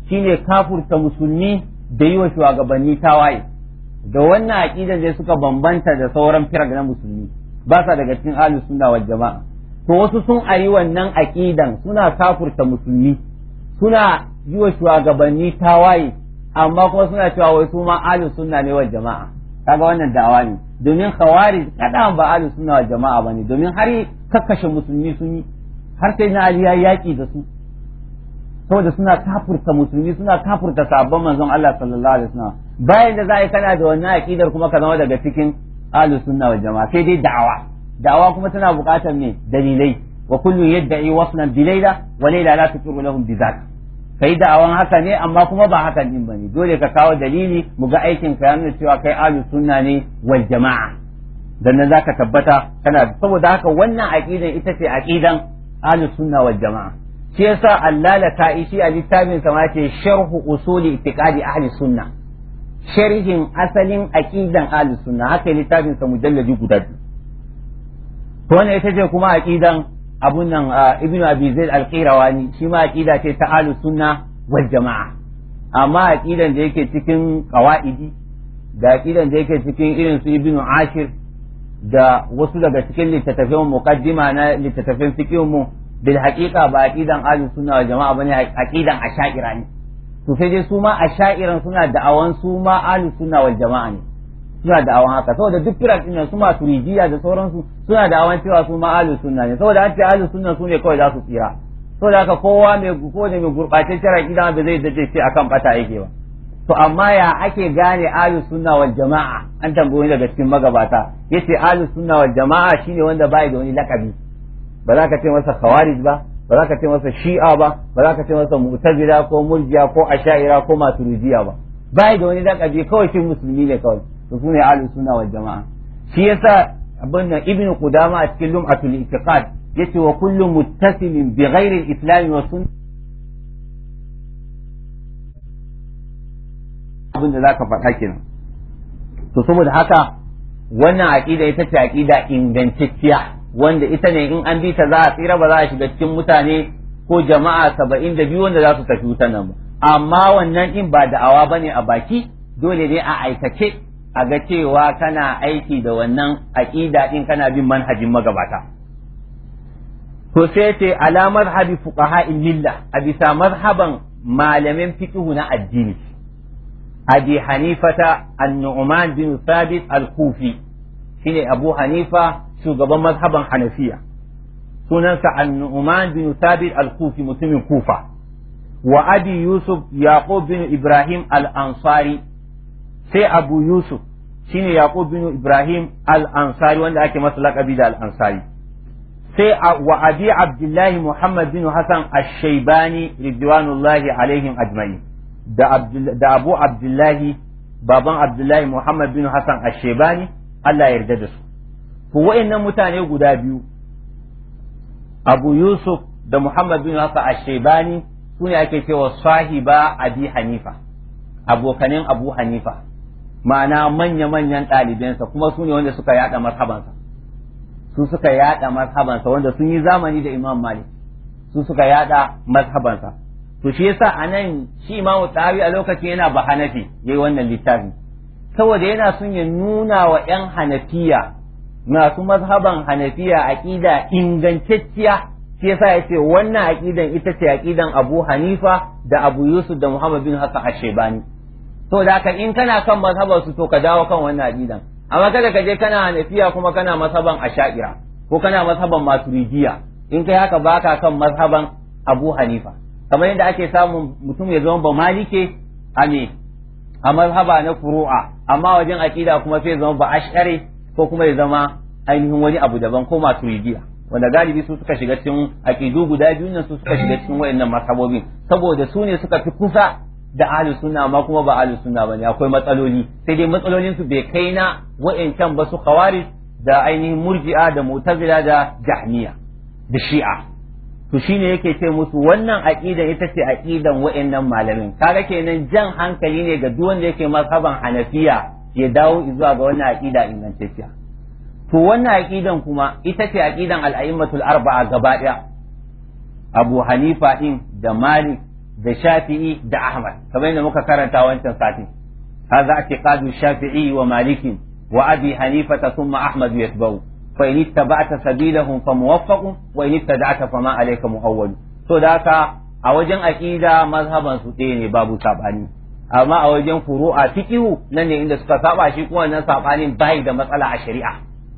shine kafurta musulmi da yi wa shugabanni tawaye da wannan aqidan dai suka bambanta da sauran firar na musulmi ba sa daga cikin ahlus sunna wa jama'a to wasu sun ayi wannan aƙidan suna kafurta musulmi suna yi wa shugabanni tawaye amma kuma suna cewa wai su ma ahlus sunna ne wa jama'a kaga wannan da'awa ne domin khawarij kada ba ahlus sunna wal jama'a bane domin har kakkashe musulmi sun yi har sai na ali ya yaki da su saboda suna kafurta musulmi suna kafurta sabon manzon Allah sallallahu alaihi wasallam bayan da za kana da wannan aqidar kuma ka zama daga cikin ahlus sunna wal jama'a sai dai da'awa da'awa kuma tana buƙatar ne dalilai wa kullu yadda'i waslan bi layla wa layla la tuqiru lahum bi kai da'awan haka ne amma kuma ba hakan din bane dole ka kawo dalili mu ga aikin ka yana cewa kai ahli sunna ne wal jama'a dan nan zaka tabbata kana saboda haka wannan aqidan ita ce aqidan ahli sunna wal jama'a shi yasa allala la ishi a littafin sa ce sharhu usuli itiqadi ahli sunna sharhin asalin aqidan ahli sunna haka littafin sa mujalladi guda biyu to wannan ita ce kuma aqidan abun nan ibnu abi zaid al-qirawani shi ma aqida ce ta ahlus sunna wal jama'a amma aqidan da yake cikin qawaidi da aqidan da yake cikin irin su ibnu ashir da wasu daga cikin littattafan muqaddima na littattafan fiqhin mu bil haqiqa ba aqidan ahlus sunna wal jama'a bane aqidan asha'ira ne to sai dai su ma asha'iran suna da'awan su ma ahlus sunna wal jama'a ne suna da awan haka saboda duk firan din su ma rijiya da sauransu suna da awan cewa su ma ahlus sunna ne saboda an ce ahlus sunna su ne kawai za su tsira saboda haka kowa mai ko ne mai gurbataccen aqida ba zai dace ce akan bata yake ba to amma ya ake gane ahlus sunna wal jama'a an tambaye daga cikin magabata yace ahlus sunna wal jama'a shine wanda bai da wani lakabi ba za ka ce masa khawarij ba ba za ka ce masa shi'a ba ba za ka ce masa mu'tazila ko murjiya ko asha'ira ko maturidiya ba bai da wani lakabi kawai shi musulmi ne kawai to sune ahlus sunna wal jama'a shi yasa abin da ibn qudama a cikin lum'atul itiqad yace wa kullu muttasilin bi ghairi al-islam wa sunna abin da zaka faɗa kenan to saboda haka wannan aqida ita ce aqida ingantacciya wanda ita ne in an bi ta za a tsira ba za a shiga cikin mutane ko jama'a saba'in da biyu wanda za su tafi wuta nan amma wannan in ba da'awa bane a baki dole ne a aikace a ga cewa kana aiki da wannan aƙida ɗin kana bin manhajin magabata to sai ce ala mazhabi fuqaha milla a bisa mazhaban malamin fiqhu na addini abi hanifata an-nu'man bin thabit al-kufi shine abu hanifa shugaban mazhaban hanafiya sunansa an-nu'man bin thabit al-kufi mutumin kufa wa abi yusuf yaqub bin ibrahim al-ansari sai abu yusuf shine yaqub bin ibrahim al-ansari wanda ake masa lakabi da al-ansari sai wa abi abdullahi muhammad bin hasan ash-shaybani ridwanullahi alaihim ajma'in da da abu abdullahi baban abdullahi muhammad bin hasan ash-shaybani Allah ya yarda da su to wa'annan mutane guda biyu abu yusuf da muhammad bin hasan ash-shaybani su ne ake cewa sahiba abi hanifa abokanin abu hanifa ma'ana manya-manyan ɗalibansa kuma su ne wanda suka yada marhabansa su suka yada marhabansa wanda sun yi zamani da imam malik su suka yada marhabansa to shi yasa anan shi imam tsawi a lokacin yana ba hanafi yayi wannan littafi saboda yana son ya nuna wa yan hanafiya masu mazhaban hanafiya aqida ingantacciya shi yasa yace wannan aqidan ita ce aqidan Abu Hanifa da Abu Yusuf da Muhammad bin hasan Ashebani to da ka in kana kan mazhabar su to ka dawo kan wannan aqidan amma kada ka je kana hanafiya kuma kana mazhaban asha'ira ko kana mazhaban maturidiya in kai haka baka kan mazhaban abu hanifa kamar yadda ake samun mutum ya zama ba malike a ne a mazhaba na furu'a amma wajen aqida kuma sai zama ba ash'ari ko kuma ya zama ainihin wani abu daban ko maturidiya wanda galibi su suka shiga cikin aqidu guda biyu nan su suka shiga cikin waɗannan mazhabobin saboda su ne suka fi kusa da ahli sunna amma kuma ba ahli sunna bane akwai matsaloli sai dai matsalolin su bai kai na wa'ancan ba su khawarij da ainihin murji'a da mu'tazila da jahmiya da shi'a to shine yake ce musu wannan aqidan ita ce aqidan wa'annan malamin kaga kenan jan hankali ne ga duk wanda yake mazhaban hanafiya ya dawo zuwa ga wannan aqida ingantacciya to wannan aqidan kuma ita ce aqidan al-a'immatul arba'a gaba daya Abu Hanifa din da Malik da shafi'i da ahmad kamar yadda muka karanta wancan satin hadha i'tiqadu shafi'i wa malikin wa abi hanifa thumma ahmad yatba'u fa in ittaba'ta sabilahum fa muwaffaqun wa in ittada'ta fa ma alayka muhawwal to da haka a wajen aqida mazhaban su ɗaya ne babu sabani amma a wajen furu'a fiqhu nan ne inda suka saba shi kuma wannan sabanin bai da matsala a shari'a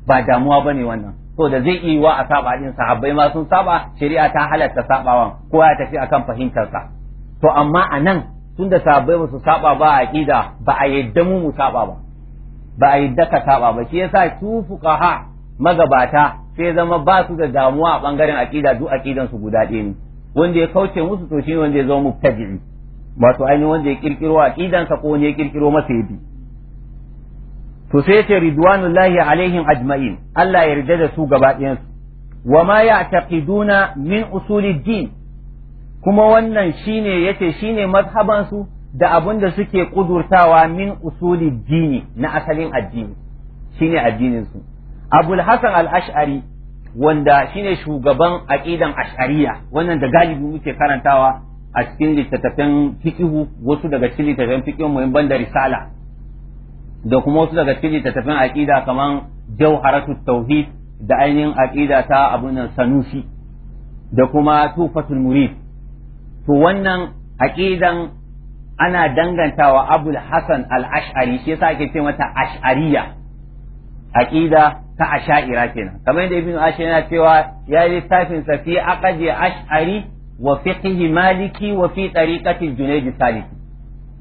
ba damuwa bane wannan to da zai iya wa a saba din sahabbai ma sun saba shari'a ta halatta sabawan kowa ya tafi akan fahimtar sa to amma a nan tun da sahabbai ba su saba ba a aqida ba a yadda mu mu saba ba ba a yadda ka saba ba shi yasa su fuqaha magabata sai zama ba su da damuwa a ɓangaren aqida duk aqidan su guda ɗaya ne wanda ya kauce musu to shi wanda ya zama mubtadi'i wato ainihin wanda ya kirkiro sa ko ne ya kirkiro masa yabi to sai yace ridwanullahi alaihim ajma'in Allah ya yarda da su gaba ɗayan su wa ma ya'taqiduna min usuli kuma wannan shine yace shine mazhaban su da abin da suke kudurtawa min usuli dini na asalin addini shine addinin su abul hasan al-ash'ari wanda shine shugaban aqidan ash'ariya wannan da galibi muke karantawa a cikin littattafan fiqhu wasu daga cikin littattafan fiqhu mu banda risala da kuma wasu daga cikin littattafan aqida kaman jawharatu tauhid da ainihin aqida ta abun sanusi da kuma tufatul murid to wannan aqidan ana dangantawa abul hasan al-ash'ari shi yasa ake ce mata ash'ariya aqida ta asha'ira kenan kamar yadda ibnu ash yana cewa ya yi littafin sa fi aqdi ash'ari wa fiqh maliki wa fi tariqati junayd saliki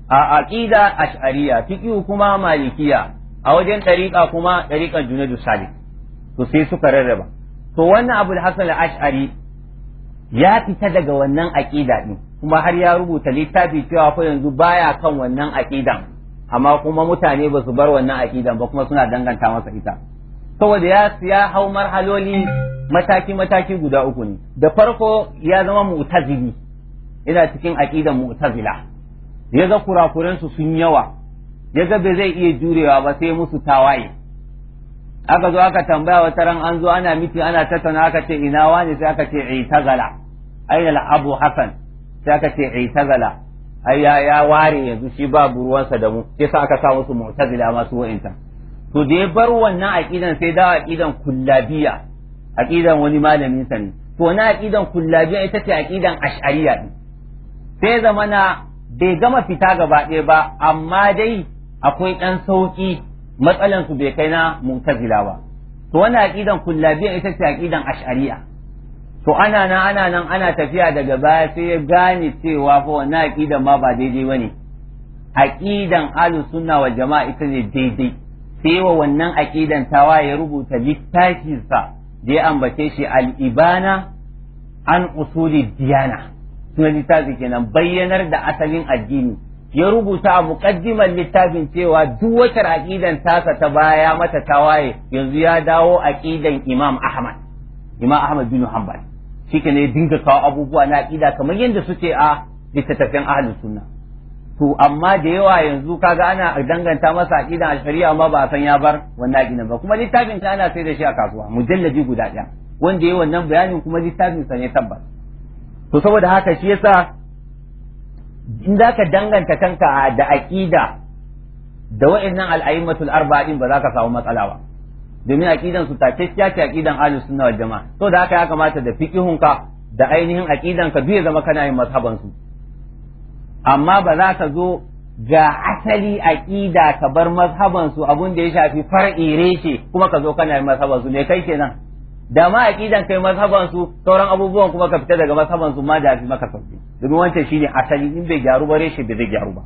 a aqida ash'ariya fiqh kuma malikiya a wajen tariqa kuma tariqan junayd saliki to sai suka rarraba to wannan abul hasan al-ash'ari ya fita daga wannan aƙida ɗin kuma har ya rubuta littafi cewa fa yanzu baya kan wannan aƙidan amma kuma mutane ba su bar wannan aƙidan ba kuma suna danganta masa ita saboda ya ya hau marhaloli mataki mataki guda uku ne da farko ya zama mu'tazili ina cikin aƙidan mu'tazila ya ga kurakuransu sun yawa Yaga ga bai zai iya jurewa ba sai musu tawaye aka zo aka tambaya wata ran an zo ana miti ana tattauna aka ce ina wani sai aka ce itagala aina abu hasan sai aka ce itagala ai ya ya ware yanzu shi ba ruwansa da mu sai sa aka sa musu mu'tazila masu wa'inta to da ya bar wannan aqidan sai da aqidan kullabiya aqidan wani malamin sa ne to na aqidan kullabiya ita ce aqidan ash'ariya din sai zamana bai gama fita gaba ɗaya ba amma dai akwai ɗan sauƙi matsalan su bai kai na mu'tazila ba to wannan aqidan kullabiyya ita ce aqidan ash'ariyya to ana nan ana nan ana tafiya daga baya sai ya gane cewa fa wannan aqidan ma ba daidai bane aqidan ahlus sunna wal jama'a ita ne daidai sai wa wannan aqidan tawa ya rubuta littafinsa da ya ambace shi al-ibana an usuli diyana sunan littafi kenan bayyanar da asalin addini ya rubuta a muƙaddimar littafin cewa duk wata aƙidan tasa ta baya mata tawaye yanzu ya dawo aƙidan Imam Ahmad Imam Ahmad bin Hanbal shike ne dinga kawo abubuwa na aƙida kamar yadda suke a littattafan ahlus sunna to amma da yawa yanzu kaga ana danganta masa aqidan al-shari'a amma ba san ya bar wannan aqidan ba kuma littafin ta ana sai da shi a kasuwa mujalladi guda ɗaya wanda yayi wannan bayanin kuma littafin sa ne tabbas to saboda haka shi yasa in za ka danganta kanka da aƙida da wa'annan al'aimatul arba'in ba za ka samu matsala ba domin aƙidan su ta ce aƙidan ahlus sunna wal jama'a to da haka ya kamata da fiqihunka da ainihin aƙidan ka duk ya zama kana yin mazhaban amma ba za ka zo ga asali aƙida ka bar mazhaban su abun da ya shafi far'i reshe kuma ka zo kana yin mazhaban su kai kenan da ma aqidan kai mazhaban su sauran abubuwan kuma ka fita daga mazhaban su ma da fi maka sauki domin wancan shine asali in bai gyaru ba reshe bai gyaru ba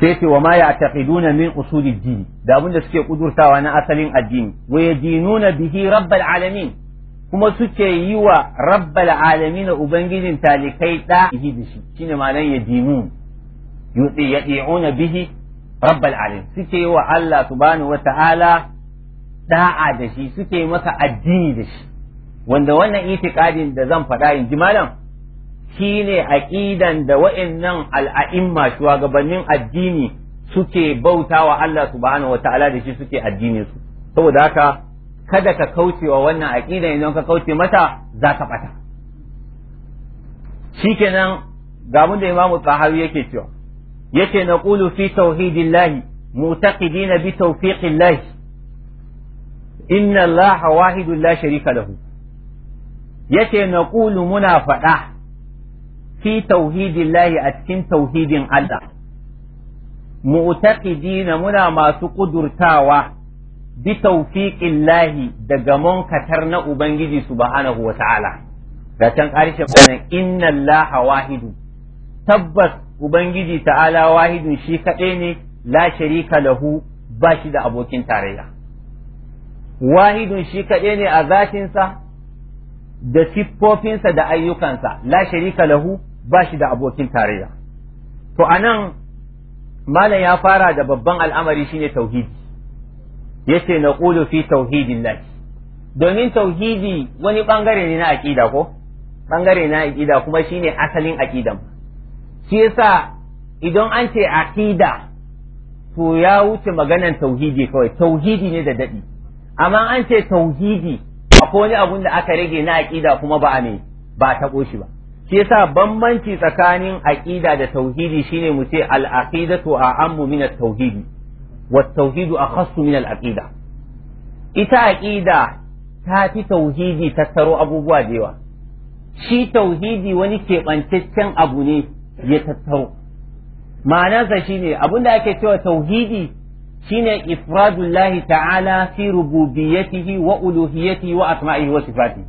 sai ce wa ma taqiduna min usuli din da abinda suke kudurtawa na asalin addini wa yadinuna bihi rabbal alamin kuma suke yi wa rabbal alamin ubangijin talikai da yi da shi shine malan yadinun yudi yadi'una bihi rabbal alamin suke yi wa Allah subhanahu wa ta'ala da'a da shi suke masa addini da shi wanda wannan itikadin da zan faɗa in ji malam shine aƙidan da wa'annan al'a'imma shugabannin addini suke bautawa Allah subhanahu wataala da shi suke addinin su saboda haka kada ka kaucewa wannan aqida idan ka kauce mata za ka bata shikenan ga mun da imamu tsahawi yake cewa yake naqulu fi tauhidillahi mu'taqidina bi tawfiqillahi inna allaha wahidun la sharika lahu yace naqulu muna faɗa fi lahi a cikin tauhidin Allah mu'taqidina muna masu kudurtawa bi lahi daga munkatar na ubangiji subhanahu wata'ala da can karshe kuma inna allaha wahidu tabbas ubangiji ta'ala wahidun shi kaɗai ne la sharika lahu ba shi da abokin tarayya wahidun shi kaɗai ne a zatinsa da siffofinsa da ayyukansa la sharika lahu ba shi da abokin tarayya to anan malam ya fara da babban al'amari shine tauhidi yace na qulu fi Tauhidin tauhidillah domin tauhidi wani bangare ne na aqida ko bangare na aqida kuma shine asalin aqidan shi yasa idan an ce aqida to ya wuce maganan tauhidi kawai tauhidi ne da dadi amma an ce tauhidi akwai wani abun da aka rage na aqida kuma ba ne ba ta koshi ba shi yasa bambanci tsakanin aqida da tauhidi shine mu ce al aqidatu a'ammu min at tauhidi wa tauhidu akhassu min al aqida ita aqida ta fi tauhidi tattaro abubuwa da yawa shi tauhidi wani keɓantaccen abu ne ya tattaro ma'anarsa shine abun da ake cewa tauhidi shine ifradullahi ta'ala fi rububiyyatihi wa uluhiyyatihi wa asma'ihi wa sifati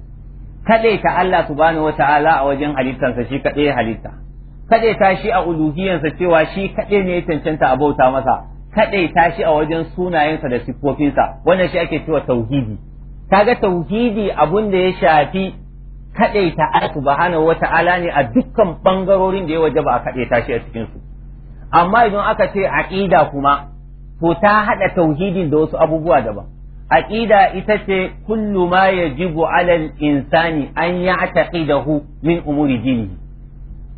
kade ta Allah subhanahu wa ta'ala a wajen halittansa shi kade halitta kade ta shi a uluhiyyansa cewa shi kade ne cancanta a bauta masa kade ta shi a wajen sunayensa da siffofinsa wannan shi ake cewa tauhidi kaga tauhidi abun da ya shafi kade ta Allah subhanahu wa ta'ala ne a dukkan bangarorin da ya wajaba a kade ta shi a cikin su amma idan aka ce aqida kuma to ta haɗa tauhidin da wasu abubuwa daban aqida ita ce kullu ma yajibu alal insani an ya'taqidahu min umuri dinihi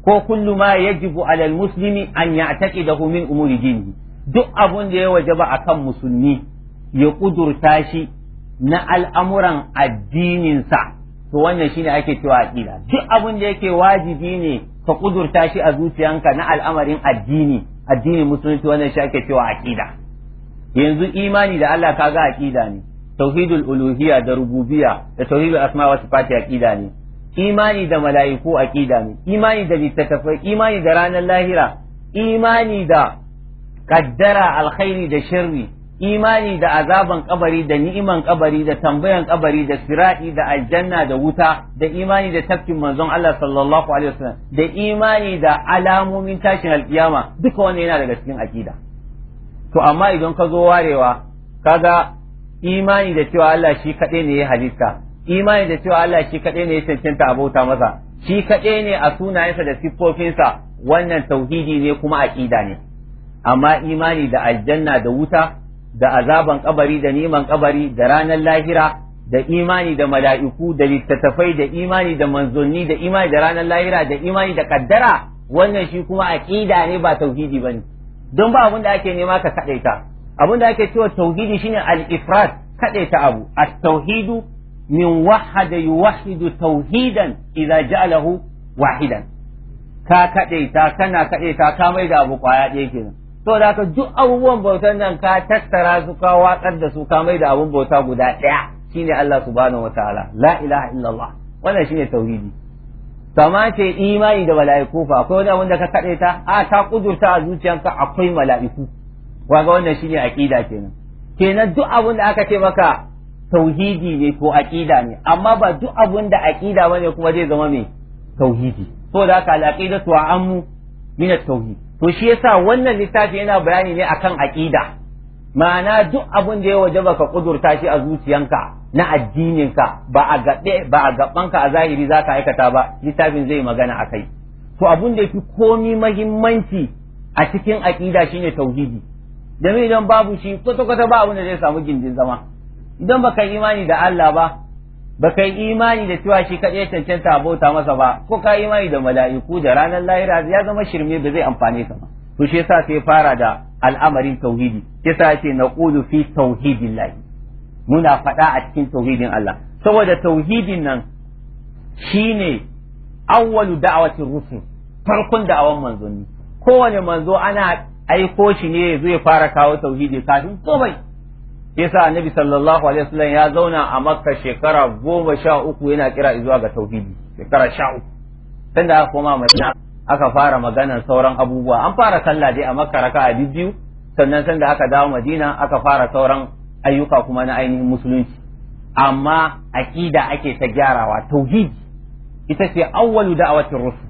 ko kullu ma yajibu alal muslimi an ya'taqidahu min umuri dinihi duk abun da ya wajaba akan musulmi ya kudurta shi na al'amuran addininsa to wannan shine ake cewa aqida duk abun da yake wajibi ne ka kudurta shi a zuciyanka na al'amarin addini addinin musulunci wannan shi ake cewa aqida yanzu imani da Allah kaga aqida ne tauhidul uluhiyya da rububiyya da tauhidul asma wa sifati aqida ne imani da mala'iku aqida ne imani da littattafai imani da ranar lahira imani da kaddara alkhairi da sharri imani da azaban kabari da ni'iman kabari da tambayan kabari da siradi da aljanna da wuta da imani da tafkin manzon Allah sallallahu alaihi wasallam da imani da alamomin tashin alkiyama duka wannan yana daga cikin aqida to amma idan ka zo warewa kaga imani da cewa Allah shi kaɗai ne ya halitta imani da cewa Allah shi kaɗai ne ya cancanta abota masa shi kaɗai ne a sunayensa da siffofinsa wannan tauhidi ne kuma aqida ne amma imani da aljanna da wuta da azaban kabari da neman kabari da ranar lahira da imani da mala'iku da littattafai da imani da manzonni, da imani da ranar lahira da imani da kaddara wannan shi kuma aqida ne ba tauhidi bane don ba abin da ake nema ka kadaita abin da ake cewa tauhidi shine al-ifrad kadaita abu at-tauhidu min wahada yuwahidu tauhidan idza ja'alahu wahidan ka kadaita kana kadaita ka mai da abu kwaya ɗaya kenan to da ka duk abubuwan bautan nan ka tattara su ka watsar da su ka mai da abun bauta guda ɗaya shine Allah subhanahu wataala la ilaha illallah wannan shine tauhidi kama ce imani da mala'iku fa akwai wani wanda ka kaɗe ta a ta kudurta a zuciyanka akwai mala'iku ga wannan shine aqida kenan kenan duk abin da aka ce maka tauhidi ne ko aqida ne amma ba duk abin da aqida bane kuma zai zama mai tauhidi so da ka al ammu min at-tauhid to shi yasa wannan littafi yana bayani ne akan aqida ma'ana duk abin da ya waje baka kudurta shi a zuciyanka na addininka ba a gaɓe ba a gaɓanka a zahiri za ka aikata ba littafin zai magana a kai to abin da fi komi mahimmanci a cikin aƙida shine tauhidi domin idan babu shi kwata-kwata ba abin da zai samu gindin zama idan baka yi imani da Allah ba baka yi imani da cewa shi kaɗai cancanta bauta masa ba ko ka imani da mala'iku da ranar lahira ya zama shirme ba zai amfane ka ba to shi yasa sai fara da al'amarin tauhidi yasa na naqulu fi tauhidillahi muna faɗa a cikin tauhidin Allah saboda tauhidin nan shine awwalu da'awatir rusul farkon da'awan manzonni kowane manzo ana aiko shi ne zai fara kawo tauhidi kafin komai yasa annabi sallallahu alaihi wasallam ya zauna a makka shekara goma sha uku yana kira zuwa ga tauhidi shekara sha uku aka fara maganar sauran abubuwa an fara sallah dai a makka a biyu sannan sanda aka dawo madina aka fara sauran ayyuka kuma na ainihin musulunci amma aƙida ake ta gyarawa tauhid ita ce awwalu da'awatir rusul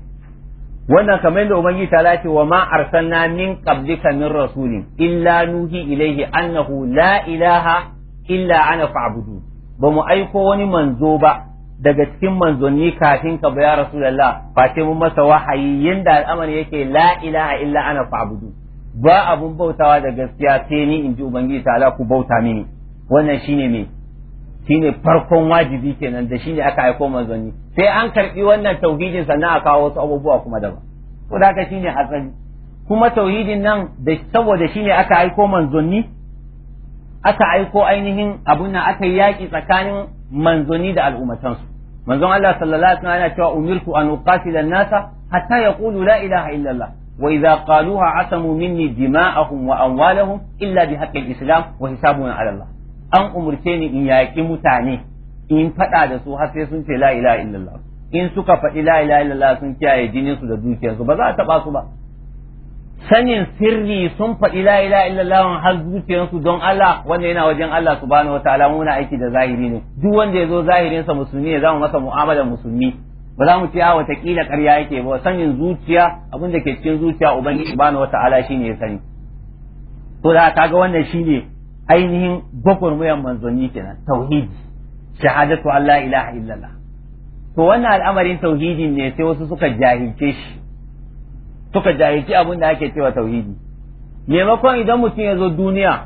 wannan kamar yadda ubangiji ta lati wa ma arsalna min qablika min rasulin illa nuhi ilayhi annahu la ilaha illa ana fa'budu ba mu aiko wani manzo ba daga cikin manzanni kafin ka ba ya rasulullah ba ce mun masa wahayi yanda al'amari yake la ilaha illa ana fa'budu ba abun bautawa da gaskiya sai ni in ji ubangiji ta'ala ku bauta mini wannan shine me shine farkon wajibi kenan da shine aka aika manzanni sai an karbi wannan tauhidin sannan a kawo wasu abubuwa kuma daban ko da haka shine hasani kuma tauhidin nan da saboda shine aka aiko manzanni aka aiko ainihin abun nan aka yi yaƙi tsakanin manzoni da al'ummatansu manzon Allah sallallahu alaihi wasallam yana cewa umirtu an uqatila an-nasa hatta yaqulu la ilaha illallah wa idza qaluha asamu minni dima'ahum wa amwalahum illa bi haqqil islam wa hisabuna ala Allah an umurce ni in yaƙi mutane in faɗa da su har sai sun ce la ilaha illallah in suka faɗi la ilaha illallah sun kiyaye jinin su da dukiyarsu ba za a taɓa su ba sanin sirri sun faɗi la ila illallah har zuciyarsu don Allah wanda yana wajen Allah subhanahu wa ta'ala muna aiki da zahiri ne duk wanda ya zo sa musulmi ne zama masa mu'amalar musulmi ba za mu ce a ah, watakila ƙarya yake ba sanin zuciya abin da ke cikin zuciya ubangiji subhanahu wa ta'ala shine ya sani to da kaga wannan shine ainihin gwagwarmayar manzanni kenan tauhid shahadatu Allah ilaha illallah to wannan al'amarin tauhidin ne sai wasu suka jahilce shi suka jahilci abin da ake cewa tauhidi maimakon idan mutum ya zo duniya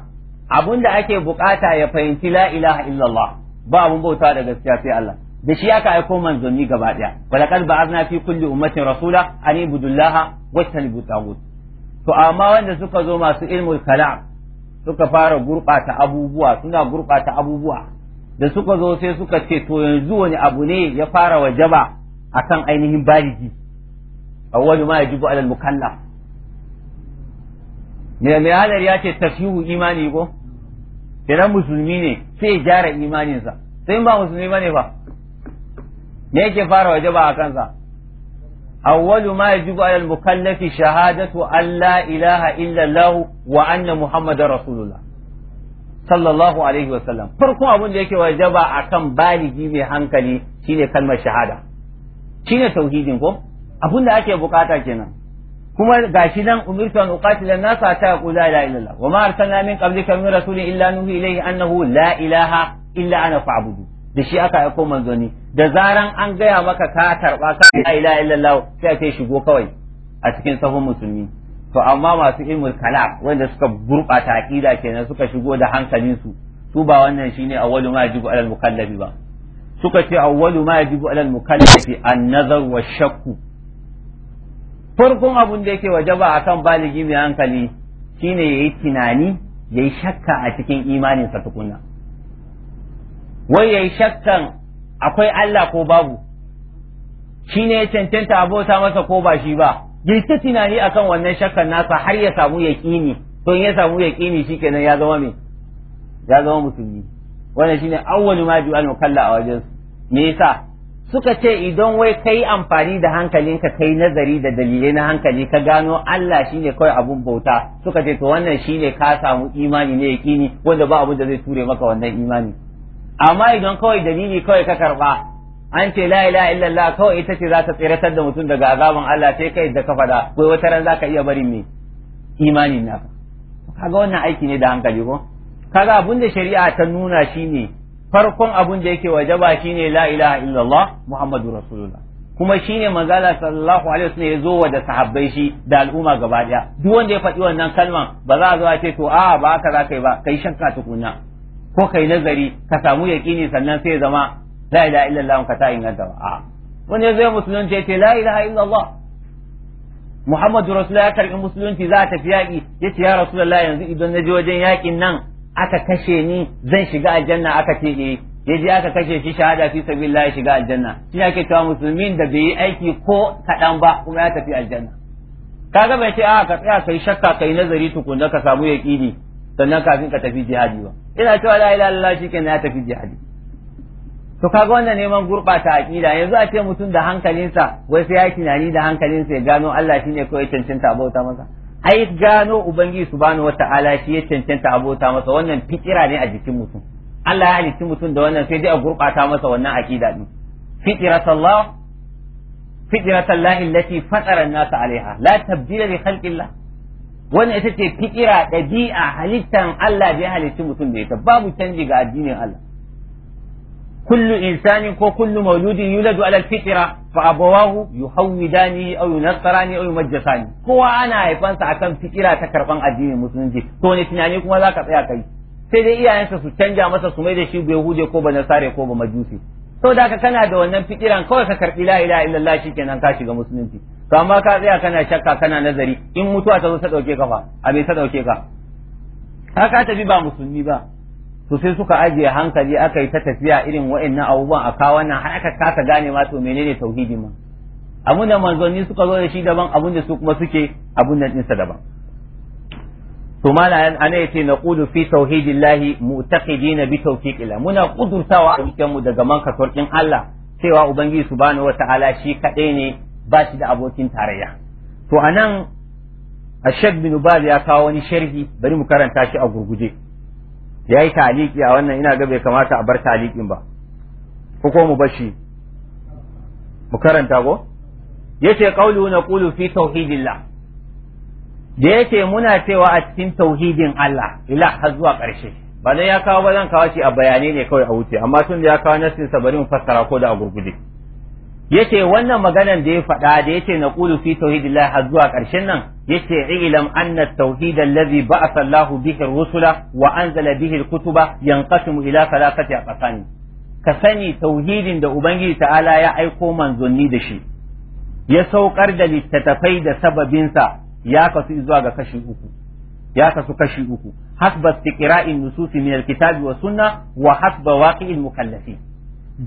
abin da ake bukata ya fahimci la ilaha illallah ba abun bauta da gaskiya sai Allah da shi aka aiko manzanni gaba daya walaqad ba'athna fi kulli ummatin rasula an ibudullaha wajtanibu tagut to amma wanda suka zo masu ilmul kalam suka fara gurbata abubuwa suna gurbata abubuwa da suka zo sai suka ce to yanzu wani abu ne ya fara wajaba akan ainihin baligi awwalu ma yajibu alal mukallaf me me hadari ya ce tashihu imani ko idan musulmi ne sai gyara imaninsa sai ba musulmi bane ba fara wajaba a kansa أول ما يجب على المكلف شهادة أن لا إله إلا الله وأن محمد رسول الله صلى الله عليه وسلم فرقوا أبن ديك وجب أكم بالي جيمي هنكلي شين كلمة شهادة شين توحيدين كو abin da ake bukata kenan kuma gashi nan umirtu an uqatila nasa ta yaqulu la ilaha illallah wa ma arsalna min qablika min rasulin illa nuhi ilayhi annahu la ilaha illa ana fa'budu da shi aka aiko manzoni da zaran an gaya maka ka tarba ka la ilaha illallah sai shigo kawai a cikin sahun musulmi to amma masu ilmul kalam wanda suka gurbata aqida kenan suka shigo da hankalin su ba wannan shine awwalu ma yajibu alal mukallabi ba suka ce awwalu ma yajibu alal mukallafi an-nazar wa shakku farkon abun da yake wajaba kan baligi mai hankali shine yi tunani ya yi shakka a cikin imaninsa tukuna. wai ya yi shakkan akwai Allah ko babu shine ya cancanta abota masa ko ba shi ba yi ta tunani a kan wannan shakkan nasa har ya samu yaqini to ya samu yaqini shikenan ya zama mai, ya zama musulmi wannan shine awwalu ma ju'al mukalla a wajen me yasa suka ce idan wai ka yi amfani da hankalinka ka yi nazari da dalilai na hankali ka gano Allah shi ne kawai abun bauta suka ce to wannan shi ne ka samu imani ne yakini wanda ba abun da zai ture maka wannan imani amma idan kawai dalili kawai ka karba an ce la ilaha illallah kawai ita ce za ta tseratar da mutum daga azaban Allah sai kai da ka fada wai wata ran zaka iya barin me imanin naka kaga wannan aiki ne da hankali ko kaga abun da shari'a ta nuna shine farkon abun da yake wajaba shine la ilaha illallah muhammadu rasulullah kuma shine manzala sallallahu alaihi wasallam ya zo wa da sahabbai shi da al'umma gaba daya duk wanda ya faɗi wannan kalman ba za a zo a ce to a ba ka za kai ba kai ka tukunna ko kai nazari ka samu yaqini sannan sai zama la ilaha illallah ka ta inganta ba a wani ya zo musulunci ya ce la ilaha illallah muhammadu rasulullah ya karbi musulunci za a tafi yaƙi ya ce ya rasulullah yanzu idan na je wajen yaƙin nan aka kashe ni zan shiga aljanna aka ce eh ya je aka kashe shi shahada fi sabilillah ya shiga aljanna shi ake cewa musulmin da bai yi aiki ko kaɗan ba kuma ya tafi aljanna kaga bai ce a ka tsaya kai shakka kai nazari tukunna ka samu yaqini sannan kafin ka tafi jihadi ba ina cewa la ilaha illallah shikenan ya tafi jihadi to kaga wannan neman gurbata aqida yanzu a ce mutum da hankalinsa wai sai ya tunani da hankalinsa ya gano Allah shine kawai cancanta bauta masa ai gano ubangiji subhanahu wata'ala shi ya cancanta abota masa wannan fiƙira ne a jikin mutum Allah ya halitti mutum da wannan sai dai a gurbata masa wannan aqida din fitratallah fitratallah allati fatara an-nas 'alaiha la tabdila li khalqillah wannan ita ce fikira dabi'a halittan Allah da ya halitti mutum da ita babu canji ga addinin Allah kullu insani ko kullu mauludin yuladu ala alfitra fa abawahu yuhawidani aw yunassarani aw yumajjasani kowa ana haifansa akan fikira ta karban addinin musulunci to ne tunani kuma zaka tsaya kai sai dai iyayensa su canja masa su mai da shi hude ko banasare ko ba majusi saboda haka kana da wannan fikiran kawai ka karbi la ilaha illallah shikenan ka shiga musulunci to ka tsaya kana shakka kana nazari in mutuwa ta zo ta dauke ka fa a me ta dauke ka haka ba musulmi ba to sai suka ajiye hankali aka yi ta tafiya irin wa'annan abubuwan a kawo har aka kasa gane ma to menene tauhidi ma abun da manzanni suka zo da shi daban abun da su kuma suke abun nan ɗinsa daban to mala ana yace na qulu fi tauhidillahi mu'taqidin bi tawfiqillah muna qudurtawa a mu daga katorkin Allah cewa ubangiji subhanahu wata'ala shi kadai ne ba shi da abokin tarayya to anan Ashad bin Baz ya kawo wani sharhi bari mu karanta shi a gurguje ya yi taliki a wannan ina ga bai kamata a bar talikin ba ko mu bashi mu karanta ko yace qawlu naqulu fi tauhidillah da yake muna cewa a cikin tauhidin Allah ila har zuwa ƙarshe ba dai ya kawo ba zan kawo shi a bayanai ne kawai a wuce amma tun da ya kawo nasin sabarin fassara ko da a yace wannan maganan da ya faɗa da yace naqulu fi tauhidillah har zuwa ƙarshen nan yace ilam anna at-tauhid allazi ba'atha Allah bihi rusula wa anzala bihi al-kutuba yanqasimu ila thalathati aqsam ka sani tauhidin da ubangiji ta'ala ya aiko manzonni da shi ya saukar da littattafai da sababinsa ya kasu zuwa ga kashi uku ya kasu kashi uku hasba istiqra'in nususi min al-kitabi wa sunna wa hasba waqi'il mukallafin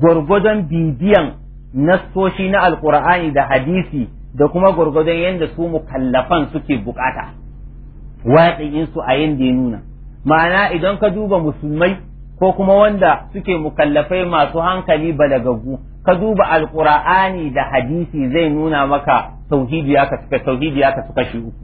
gurgudan bibiyan nastoshi na alqur'ani da hadisi da kuma gurgudun yadda su mukallafan suke bukata in su a yadda ya nuna ma'ana idan ka duba musulmai ko kuma wanda suke mukallafai masu hankali balagaggu ka duba alqur'ani da hadisi zai nuna maka tauhidi ya kasu tauhidi kashi uku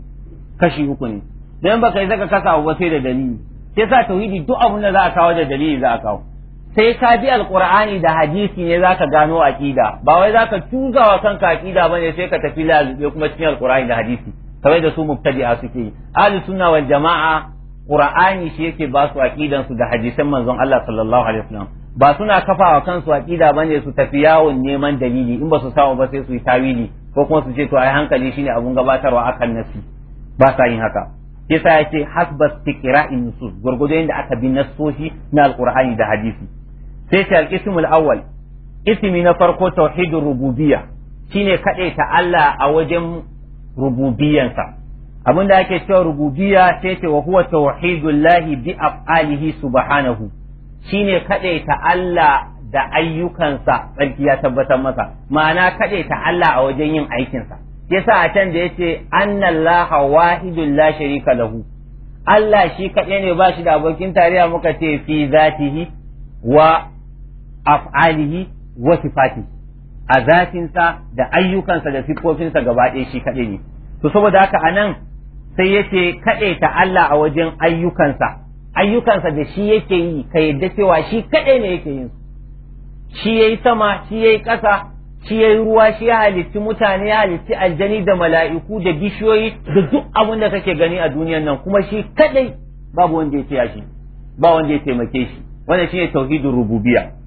kashi uku ne dan baka yi zaka kasa ba sai da dalili sai sa tauhidi duk abun da za a kawo da dalili za a kawo sai ka bi alqur'ani da hadisi ne zaka gano aqida ba wai zaka tuza wa kanka aqida bane sai ka tafi lalube kuma cikin alqur'ani da hadisi kamar da su mubtadi'a suke ahli sunna wal jama'a qur'ani shi yake ba su aqidan su da hadisan manzon Allah sallallahu alaihi wasallam ba suna kafa wa kansu aqida bane su tafi yawon neman dalili in ba su samu ba sai su yi tawili ko kuma su ce to ai hankali shine abun gabatarwa akan nasi ba sa yin haka yasa yace hasba istiqra'in nusus gurgudo da aka bi nassoshi na alqur'ani da hadisi sai ta alƙismul awwal ismi na farko tauhidin rububiyya shine ta Allah a wajen rububiyansa abin da ake cewa rububiyya sai ta wa huwa tauhidullahi bi af'alihi subhanahu shine ta Allah da ayyukansa tsarki ya tabbatar masa ma'ana ta Allah a wajen yin aikinsa yasa a can da yace annallaha wahidul la sharika lahu Allah shi kaɗai ne ba shi da abokin tarayya muka ce fi zatihi wa af'alihi wa sifati a zafinsa da ayyukansa da siffofinsa gaba ɗaya shi kaɗai ne to saboda haka anan sai yake kaɗe ta Allah a wajen ayyukansa ayyukansa da shi yake yi ka yadda cewa shi kaɗai ne yake yin shi yayi sama shi yayi ƙasa shi yayi ruwa shi ya halitti mutane ya halitti aljani da mala'iku da bishiyoyi da duk abin da kake gani a duniyan nan kuma shi kaɗai babu wanda ya shi ba wanda ya taimake shi wannan shine tauhidin rububiyya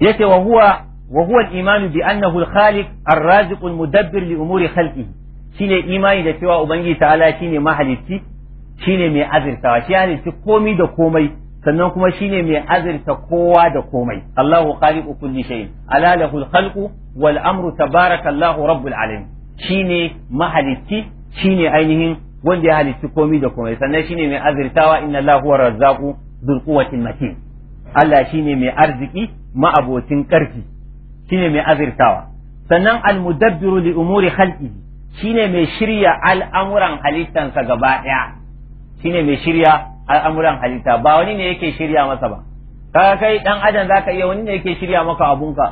yace wa huwa wa huwa al-iman bi annahu al-khaliq ar-raziq al-mudabbir li umuri khalqihi shine imani da cewa ubangiji ta'ala shine mahalicci shine mai azirtawa shi halicci komai da komai sannan kuma shine mai azirta kowa da komai Allahu khaliqu kulli shay ala lahu al-khalqu wal amru tabarakallahu rabbul alamin shine mahalicci shine ainihin wanda ya halicci komai da komai sannan shine mai azirtawa inna Allahu huwa razzaqu dhul quwwatil matin Allah shine mai arziki ma'abocin ƙarfi shine mai azirtawa sannan almudabbiru li umuri khalqi shine mai shirya al'amuran halittansa gaba ɗaya shine mai shirya al'amuran halitta ba wani ne yake shirya masa ba kaga kai dan adam zaka iya wani ne yake shirya maka abunka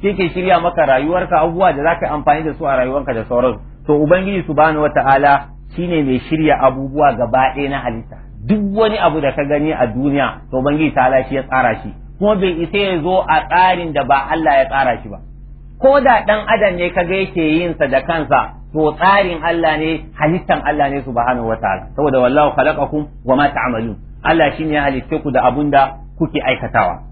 shi ke shirya maka rayuwarka abubuwa da zaka amfani da su a rayuwarka da sauransu to ubangiji subhanahu wataala shine mai shirya abubuwa gaba ɗaya na halitta duk wani abu da ka gani a duniya to ubangiji ta shi ya tsara shi kuma bai isa ya zo a tsarin da ba Allah ya tsara shi ba ko da dan adam ne kaga yake yin sa da kansa to tsarin Allah ne halittan Allah ne subhanahu wataala saboda wallahu khalaqakum ma ta'malun Allah shine ya halitte ku da abun da kuke aikatawa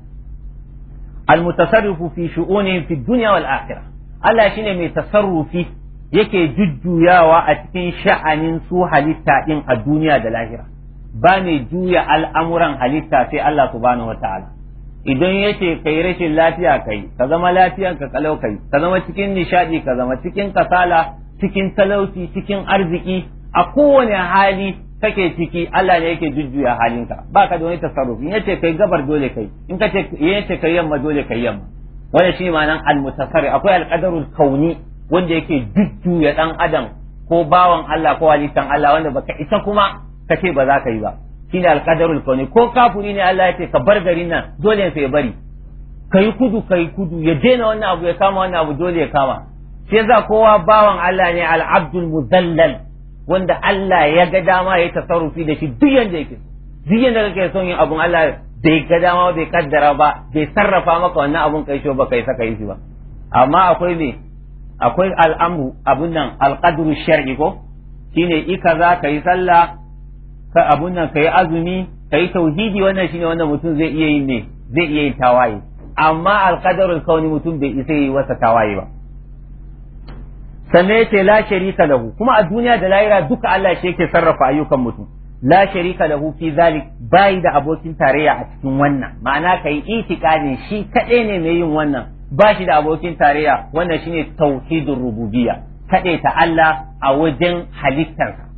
almutasarrifu fi shu'unihim fi dunya wal akhirah Allah shine mai tasarrufi yake jujjuyawa a cikin sha'anin su halitta din a duniya da lahira ba mai juya al'amuran halitta sai Allah subhanahu wataala idan yace kai rashin lafiya kai ka zama lafiyan ka kalau kai ka zama cikin nishadi ka zama cikin kasala cikin talauci cikin arziki a kowane hali kake ciki Allah ne yake jujjuya halinka baka da wani tasarruf in yace kai gabar dole kai in kace yace kai yamma dole kai yamma wannan shi nan al mutasarrif akwai al-qadarul kauni wanda yake jujjuya dan adam ko bawan Allah ko walitan Allah wanda baka isa kuma kace ba za ka yi ba shine alqadarul kauni ko kafuri ne Allah ya ce ka bar garin nan dole sai ya bari kai kudu kai kudu ya daina wannan abu ya kama wannan abu dole ya kama sai za kowa bawan Allah ne al-abdul muzallal wanda Allah ya ga dama ya tasarrufi da shi duk yanda yake duk yanda kake son yin abun Allah bai ga dama bai kaddara ba bai sarrafa maka wannan abun kai shi ba kai saka yi ba amma akwai ne akwai al'amru abun nan al-qadru shar'i ko shine ika za ka yi sallah ka abun nan kai azumi kai tauhidi wannan shine wannan mutum zai iya yin ne zai iya yin tawaye amma alqadarul kauni mutum bai isa yi wasa tawaye ba sannan yace la sharika lahu kuma a duniya da lahira duka Allah shi yake sarrafa ayyukan mutum la sharika lahu fi zalik bai da abokin tarayya a cikin wannan ma'ana kai itikadin shi kadai ne mai yin wannan ba shi da abokin tarayya wannan shine tauhidur rububiyya kade ta Allah a wajen halittarsa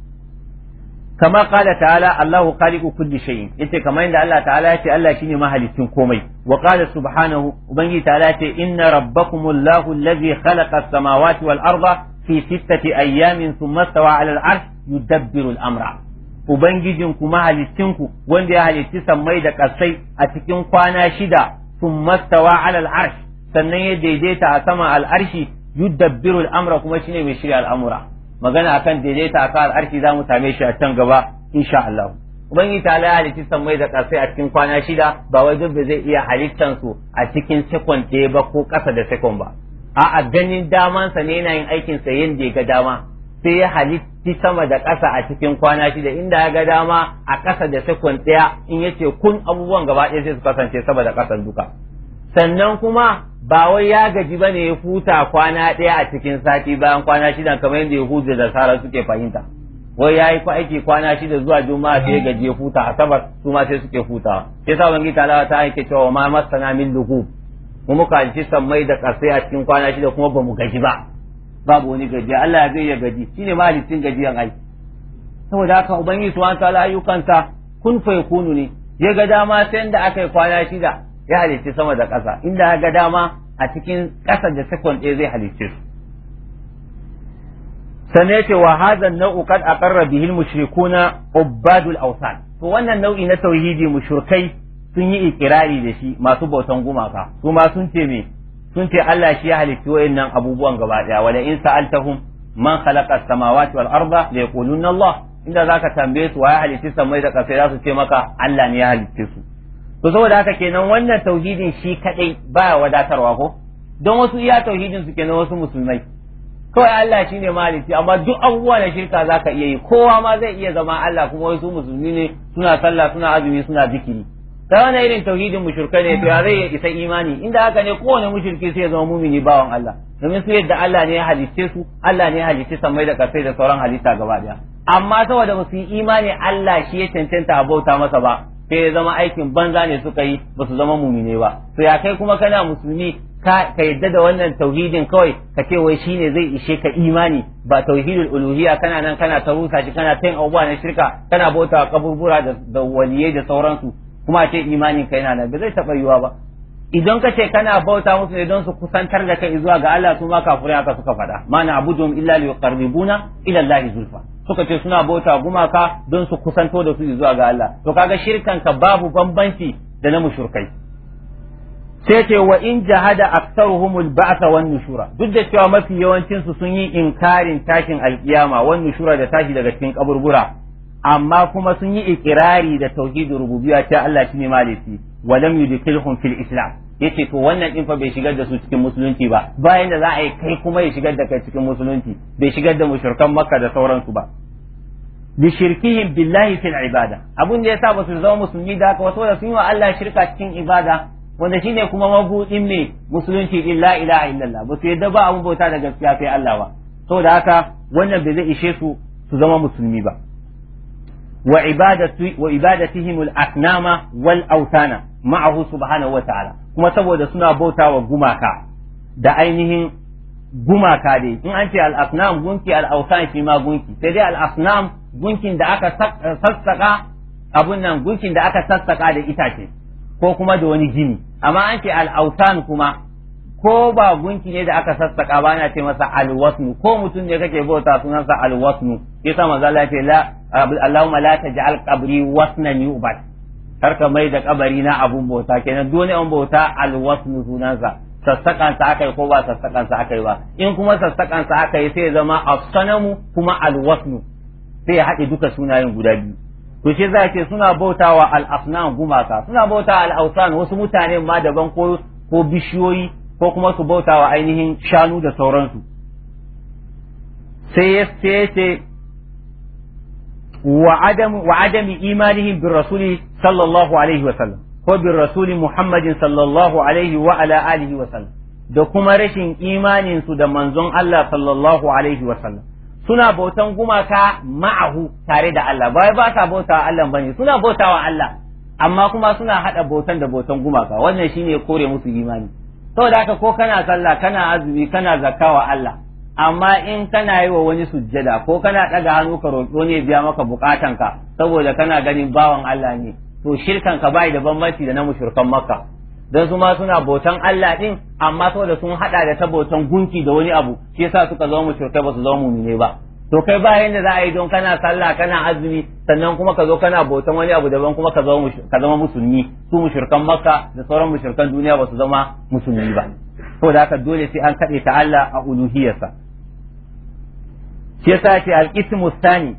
kama kala ta'ala Allahu khaliqu kulli shay'in yace kamar yadda Allah ta'ala yace Allah shine mahalicin komai wa qala subhanahu ubangi ta'ala yace inna rabbakumullahu allazi khalaqa as-samawati wal arda fi sittati ayyamin thumma stawa 'ala al-'arsh yudabbiru al-amra ubangijin ku mahalicin ku wanda ya halicci sammai da kasai a cikin kwana shida thumma stawa 'ala al-'arsh sannan ya daidaita a sama al-arshi yudabbiru al-amra kuma shine mai shirya al magana akan daidaita akan arki za mu same shi a can gaba insha Allah ubangiji ta la halitti sammai da ƙasai a cikin kwana shida ba wai dubbe zai iya halittan su a cikin sekon ɗaya ba ko ƙasa da sekon ba a'a ganin damansa ne yana yin aikin sa yin ya ga dama sai ya halitti sama da ƙasa a cikin kwana shida inda ya ga dama a ƙasa da sekon ɗaya in yace kun abubuwan gaba ɗaya sai su kasance sama da ƙasan duka sannan kuma ba wai ya gaji bane ya huta kwana ɗaya a cikin sati bayan kwana shida kamar yadda yahudu da nasara suke fahimta wai ya yi aiki kwana shida zuwa juma'a sai ya gaji ya huta asabar su ma sai suke hutawa sai sa bangi talawa ta yake cewa ma masana min duhu mu muka ji sammai da kasai a cikin kwana shida kuma ba mu gaji ba babu wani gaji Allah ya zai ya gaji shine mahalicin gajiyan ai saboda haka ubangiji su wa ta'ala ta kun fa yakunu ne ya ga dama sai da aka yi kwana shida ya halicci sama da ƙasa inda ga dama a cikin ƙasa da sekon ɗaya zai halicce su sannan ce wa hazan an a qad aqarra bihi al-mushrikuna ubbadul awsan to wannan nau'i na tauhidi mushrikai sun yi ikirari da shi masu bautan gumaka su ma sun ce me sun ce Allah shi ya halicci wayannan abubuwan gaba daya wala in sa'altahum man khalaqa as-samawati wal arda la yaquluna Allah inda zaka tambaye su waye halicci samai da kasai za su ce maka Allah ne ya halicce su to saboda haka kenan wannan tauhidin shi kadai baya wadatarwa ko don wasu iya tauhidin su kenan wasu musulmai kawai Allah shi ne maliki amma duk abubuwa na shirka za ka iya yi kowa ma zai iya zama Allah kuma wasu musulmi ne suna sallah suna azumi suna zikiri ta wani irin tauhidin mushrikai ne to ya zai isa imani inda haka ne kowane shirki sai ya zama mumini bawan Allah domin su yadda Allah ne ya halicce su Allah ne ya halicce samai da kasai da sauran halitta gaba daya amma saboda musu imani Allah shi ya cancanta a bauta masa ba sai ya zama aikin banza ne suka yi ba su zama mumine ba to ya kai kuma kana musulmi ka yadda da wannan tauhidin kawai ka ce wai shi ne zai ishe ka imani ba tauhidul uluhiyya kana nan kana ta rusa shi kana ta yin abubuwa na shirka kana bauta kaburbura da waliyai da sauransu kuma ce imanin ka yana nan ba zai taɓa yiwa ba idan ka ce kana bauta musu ne don su kusantar da kai zuwa ga Allah su ma kafirai haka suka faɗa mana abudum illa li yuqarribuna ila Allah zulfa suka ce suna bauta gumaka don su kusanto da su zuwa ga Allah to kaga shirkan ka babu bambanci da na mushrikai sai ce wa in jahada aktsaruhumul ba'sa wan nushura duk da cewa mafi yawancin su sun yi inkarin tashin alkiyama wan nushura da tashi daga cikin kaburbura amma kuma sun yi ikirari da tauhidur rububiyya cewa Allah shine maliki wa lam kilhun fil islam yace to wannan din fa bai shigar da su cikin musulunci ba bayan da za a yi kai kuma ya shigar da kai cikin musulunci bai shigar da mushrikan makka da sauransu ba bi shirkihim billahi fil ibada abun da yasa basu zama musulmi da haka wato da sun yi wa Allah shirka cikin ibada wanda shine kuma mabudin mai musulunci din la ilaha illallah ba su yadda ba abun bauta da gaskiya sai Allah ba saboda haka wannan bai zai ishe su su zama musulmi ba wa ibadatu wa ibadatihim al asnama wal awthana ma'ahu subhanahu wa ta'ala kuma saboda suna bauta wa gumaka da ainihin gumaka dai in an ce al-asnam gunki al-awsan ma gunki sai dai al-asnam gunkin da aka eh, sassaka abun nan gunkin da aka sassaka da itace ko kuma da wani gini amma an ce al-awsan kuma ko ba gunki ne da aka sassaka ba ana ce masa alwasnu ko mutum ne kake bauta sunansa alwasnu yasa manzo Allah ya ce la Allahumma la taj'al qabri wasnan yu'bad kar ka mai da kabari na abun bauta kenan duk wani bauta alwasnu sunansa sassaƙansa aka yi ko ba sassaƙansa aka yi ba in kuma sassaƙansa aka yi sai zama afsanamu kuma alwasnu sai ya haɗe duka sunayen guda biyu to shi za ce suna bautawa al-asnam gumaka suna bauta al-awsan wasu mutane ma daban ko ko bishiyoyi ko kuma su bautawa ainihin shanu da sauransu sai ya ce وعدم وعدم إيمانهم بالرسول صلى الله عليه وسلم وبالرسول محمد صلى الله عليه وعلى آله وسلم da kuma rashin imaninsu da manzon Allah sallallahu alaihi wasallam suna bautan gumaka ma'ahu tare da Allah ba ba sa bauta Allah bane suna bautawa Allah amma kuma suna hada bautan da bautan gumaka wannan shine kore musu imani saboda haka ko kana sallah kana azumi kana zakawa Allah amma in kana yi wa wani sujjada ko kana ɗaga hannu ka roƙo ne biya maka ka saboda kana ganin bawan Allah ne to shirkan ka bai da bambanci da na mushrikan makka dan su ma suna bautan Allah din amma saboda sun hada da ta bautan gunki da wani abu shi yasa suka zama mushrikai ba su zama mu'mine ba to kai ba yanda za a yi don kana sallah kana azumi sannan kuma ka zo kana bautan wani abu daban kuma ka zama ka zama musulmi su mushrikan makka da sauran mushrikan duniya ba su zama musulmi ba saboda haka dole sai an kaɗe ta Allah a uluhiyarsa shi yasa ce Sani, thani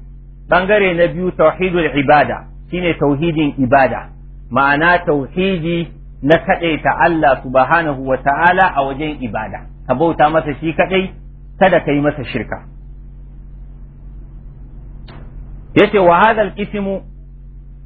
bangare na biyu tauhidul ibada shine tauhidin ibada ma'ana tauhidi na kadaita Allah subhanahu wa ta'ala a wajen ibada ka bauta masa shi kadai kada yi masa shirka yace wa hadha alqismu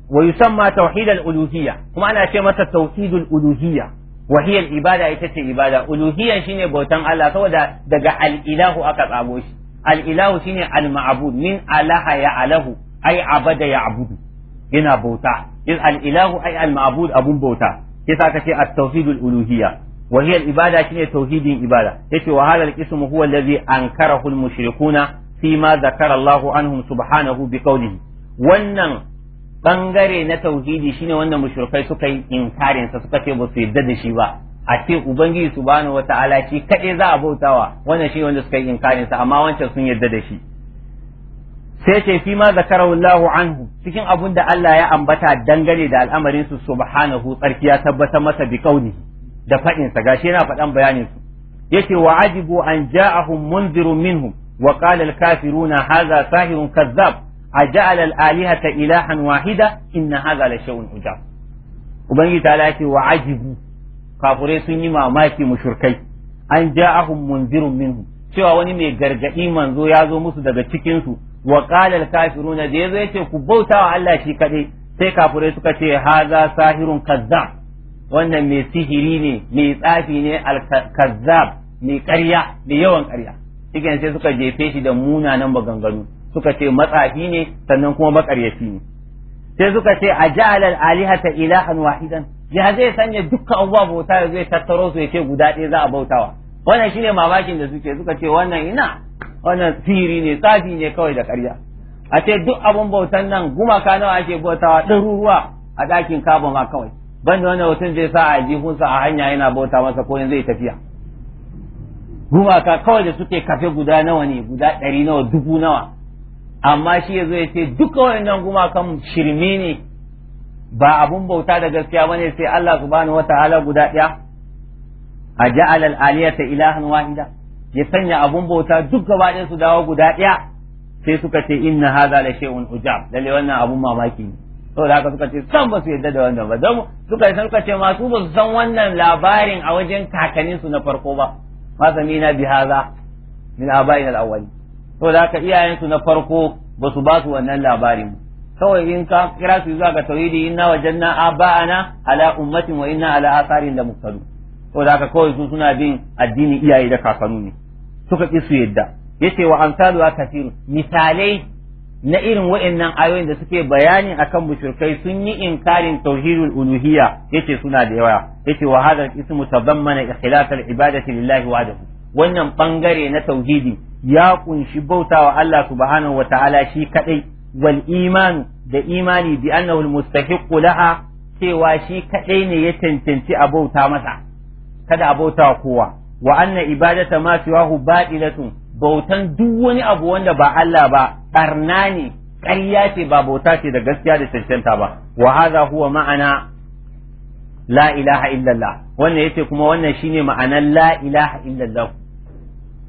wa yusamma tauhid uluhiyya kuma ana ce masa tauhidul uluhiyya wa hiya ibada ita ce ibada uluhiyya shine bautan Allah saboda daga al-ilahu aka tsamo shi al'ilahu shine al-ma'bud min alaha ya alahu ai abada ya abudu yana bauta in al'ilahu ai al abun bauta sai sa kace a tauhidul uluhiyya wa hiya al-ibada shine tauhidin ibada yace wa hadha al-qismu huwa alladhi ankarahu al-mushrikuna fi ma zakara Allahu anhum subhanahu bi qawlihi wannan bangare na tauhidi shine wannan mushrikai suka yi inkarin sa suka ce ba su yadda da shi ba a ce ubangiji subhanahu wata'ala shi kaɗai za a bautawa wannan shi wanda suka yi inkarin sa amma wancan sun yarda da shi sai ce fi ma zakarahu Allahu anhu cikin abun da Allah ya ambata dangane da al'amarin su subhanahu tsarki ya tabbatar masa bi kauni da faɗin sa gashi yana faɗan bayanin su yace wa ajibu an ja'ahum munzirun minhum wa qala al-kafiruna hadha sahirun kazzab aja'ala al-alihata ilahan wahida na haza la shay'un ujab ubangiji ta wa ajibu kafurai sun yi mamaki mushurkai an ja ahun munzirun minhu cewa wani mai gargadi manzo ya zo musu daga cikin su wa qala al kafiruna da yazo yace ku bauta wa Allah shi kaɗai sai kafurai suka ce haza sahirun kazzab wannan mai sihiri ne mai tsafi ne al kazzab mai ƙarya mai yawan ƙarya cikin sai suka jefe shi da munanan maganganu suka ce matsafi ne sannan kuma maƙaryaci ne sai suka ce a ja'ala al alihata ilahan wahidan ya zai sanya dukkan abubuwa bauta ya zai tattaro su ya ce guda ɗaya za a bautawa wannan shine mamakin da suke suka ce wannan ina wannan firi ne tsafi ne kawai da karya a ce duk abun bautan nan gumaka nawa ake bautawa ɗaruruwa a ɗakin kabo ma kawai banda wannan mutum zai sa a jihunsa a hanya yana bauta masa ko zai tafiya gumaka kawai da suke kafe guda nawa ne guda ɗari nawa dubu nawa amma shi ya zo ya ce duka wannan gumakan shirme ne ba abun bauta da gaskiya bane sai Allah subhanahu wataala guda ɗaya a ja'ala al-aliyata ilahan wahida ya sanya abun bauta duk gaba ɗaya su dawo guda ɗaya sai suka ce inna hadha la shay'un ujab lalle wannan abun mamaki ne saboda haka suka ce san ba su yadda da wannan ba dan suka san suka ce masu su ba su san wannan labarin a wajen kakannin su na farko ba ma samina bi hadha min abaina al-awwali saboda haka iyayen su na farko ba su ba su wannan labarin kawai in ka kira su zuwa ga tauhidi inna wajanna aba'ana ala ummatin wa inna ala asarin da muktadu to da aka kawai su suna bin addini iyaye da kakannu ne suka ki su yadda yace wa amsalu kathir misalai na irin wa'annan ayoyin da suke bayani akan mushrikai sun yi inkarin tauhidul uluhiyya yace suna da yawa yace wa hadha ismu tadammana ikhlas al-ibadati lillahi wahdahu wannan bangare na tauhidi ya kunshi bautawa Allah subhanahu ta'ala shi kadai wal iman da imani bi annahu almustahiqqu laha cewa shi kadai ne ya cancanci abauta masa kada abauta kowa wa anna ibadata ma siwahu batilatun bautan duk wani abu wanda ba Allah ba karna ne ƙarya ce ba bauta ce da gaskiya da cancanta ba wa hadha huwa ma'ana la ilaha illallah wannan yace kuma wannan shine ma'anan la ilaha illallah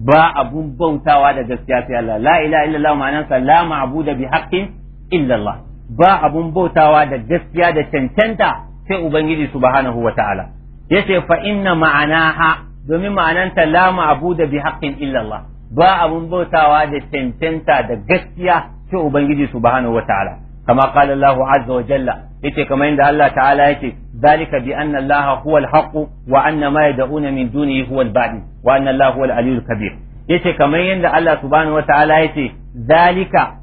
ba abun bautawa da gaskiya sai Allah la ilaha illallah ma'anansa la ma'budu bi haqqin illallah ba abun bautawa da gaskiya da cancanta sai ubangiji subhanahu wa ta'ala yace fa inna ma'anaha domin ma'ananta la ma'budu bi haqqin illallah ba abun bautawa da cancanta da gaskiya sai ubangiji subhanahu wa ta'ala kama qala Allah azza wa jalla yace kamar yadda Allah ta'ala yace ذلك بأن الله هو الحق وأن ما يدعون من دونه هو الباطل وأن الله هو العلي الكبير yace kamar yadda Allah subhanahu wataala yace zalika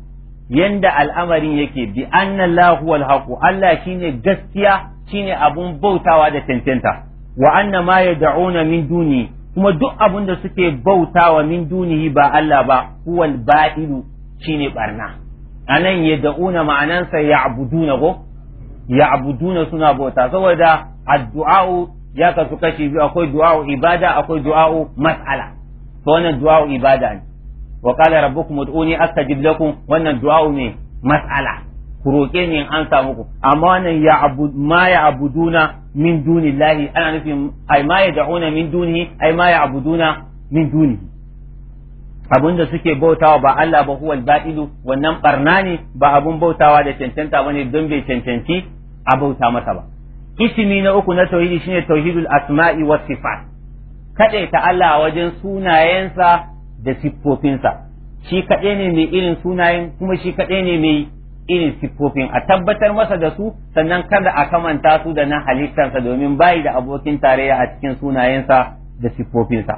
yanda al'amarin yake bi anna Allah lahuwal haqu Allah shine gaskiya shine abun bautawa da tantanta wa anna ma yad'una min duni kuma duk abun da suke bautawa min dunihi ba Allah ba huwal ba'ilu shine barna anan yad'una ma'anansa ya'buduna go ya'buduna suna bauta saboda addu'a ya kasu kashi biyu akwai du'a'u ibada akwai du'a'u mas'ala to wannan du'a'u ibada ne wa qala rabbukum ud'uni astajib lakum wannan du'a ne mas'ala ku roƙe an samu ku amma ya abu ma ya abuduna min dunillahi ana nufin ai ma ya da'una min dunihi ai ma ya abuduna min dunihi abinda suke bautawa ba Allah ba huwal ba'ilu wannan barna ne ba abun bautawa da cancanta bane don bai cancanci a bauta masa ba ismi na uku na Tauhidu shine tauhidul asma'i was sifat kadaita Allah wajen sunayensa da siffofinsa shi kaɗai ne mai irin sunayen kuma shi kaɗai ne mai irin siffofin a tabbatar masa da su sannan kada a kamanta su da na halittarsa domin bayi da abokin tarayya a cikin sunayensa da siffofinsa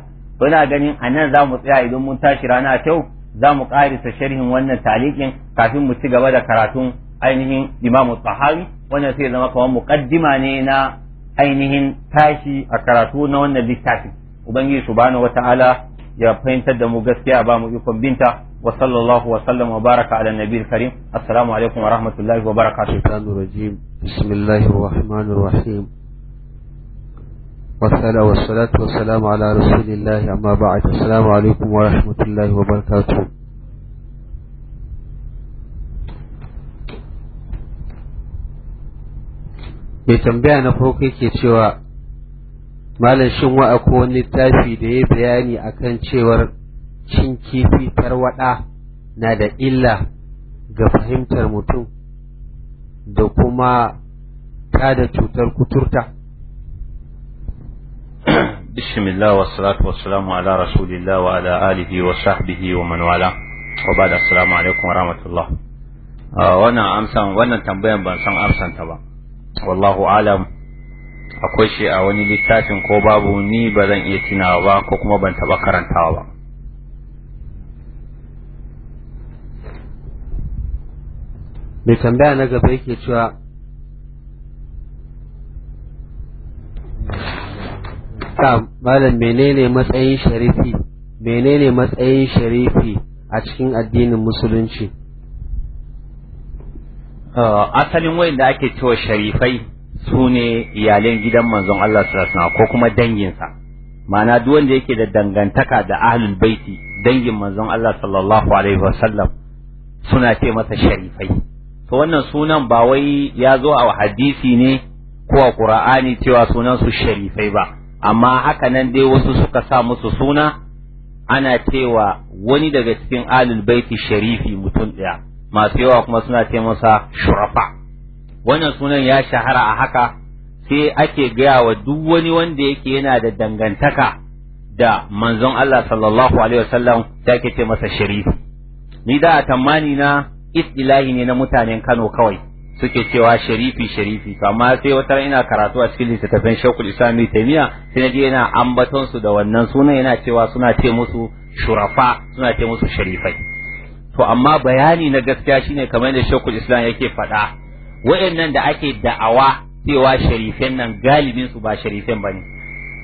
ina ganin a nan za mu tsaya idan mun tashi rana kyau za mu ƙarisa sharhin wannan talikin kafin mu ci gaba da karatun ainihin imamu tsahawi wannan sai zama kamar muƙaddima ne na ainihin tashi a karatu na wannan littafin ubangiji subhanahu wata'ala ya fahimtar da mu gaskiya ba mu ikon binta wa sallallahu wa sallam wa baraka ala nabiyil karim assalamu alaikum wa rahmatullahi wa barakatuh shaitanur rajim bismillahir rahmanir rahim والصلاة والصلاة والسلام على رسول الله أما بعد السلام عليكم ورحمة الله وبركاته mai tambaya na farko yake cewa malam shin wa akwai wani littafi da ya bayani akan cewar cin kifi tarwada na da illa ga fahimtar mutum da kuma ta da cutar kuturta bismillah wa salatu wa salamu ala rasulillah wa ala alihi wa sahbihi wa man wala wa ba da assalamu alaikum wa rahmatullah ah, wannan amsan wannan tambayan ban san amsanta ba wallahu alam akwai shi a wani littafin ko babu ni ba zan iya tunawa ba ko kuma ban taɓa karantawa ba mai tambaya na gaba yake cewa ta malam menene matsayin sharifi menene matsayin sharifi a cikin addinin musulunci uh, asalin wayan da ake cewa sharifai su ne iyalan gidan manzon Allah sallallahu alaihi ko kuma danginsa ma'ana duk wanda yake da dangantaka da ahlul baiti dangin manzon Allah sallallahu alaihi wasallam suna ce masa sharifai to wannan sunan ba wai ya zo a hadisi ne ko a qur'ani cewa sunan su sharifai ba amma haka nan dai wasu suka sa musu suna ana cewa wani daga cikin ahlul baiti sharifi mutum ɗaya masu yawa kuma suna ce masa shurafa wannan sunan ya shahara a haka sai ake gaya wa duk wani wanda yake yana da dangantaka da manzon Allah sallallahu alaihi wasallam ta ke ce masa sharif ni da a tamani na istilahi ne na mutanen Kano kawai suke cewa sharifi sharifi to amma sai wata ina karatu a cikin littafin Shaikhul Islam Taymiyyah sai naje yana ambaton su da wannan sunan yana cewa suna ce musu shurafa suna ce musu sharifai to amma bayani na gaskiya shine kamar da Shaikhul Islam yake faɗa wa'annan da ake da'awa cewa sharifin nan galibin su ba sharifin bane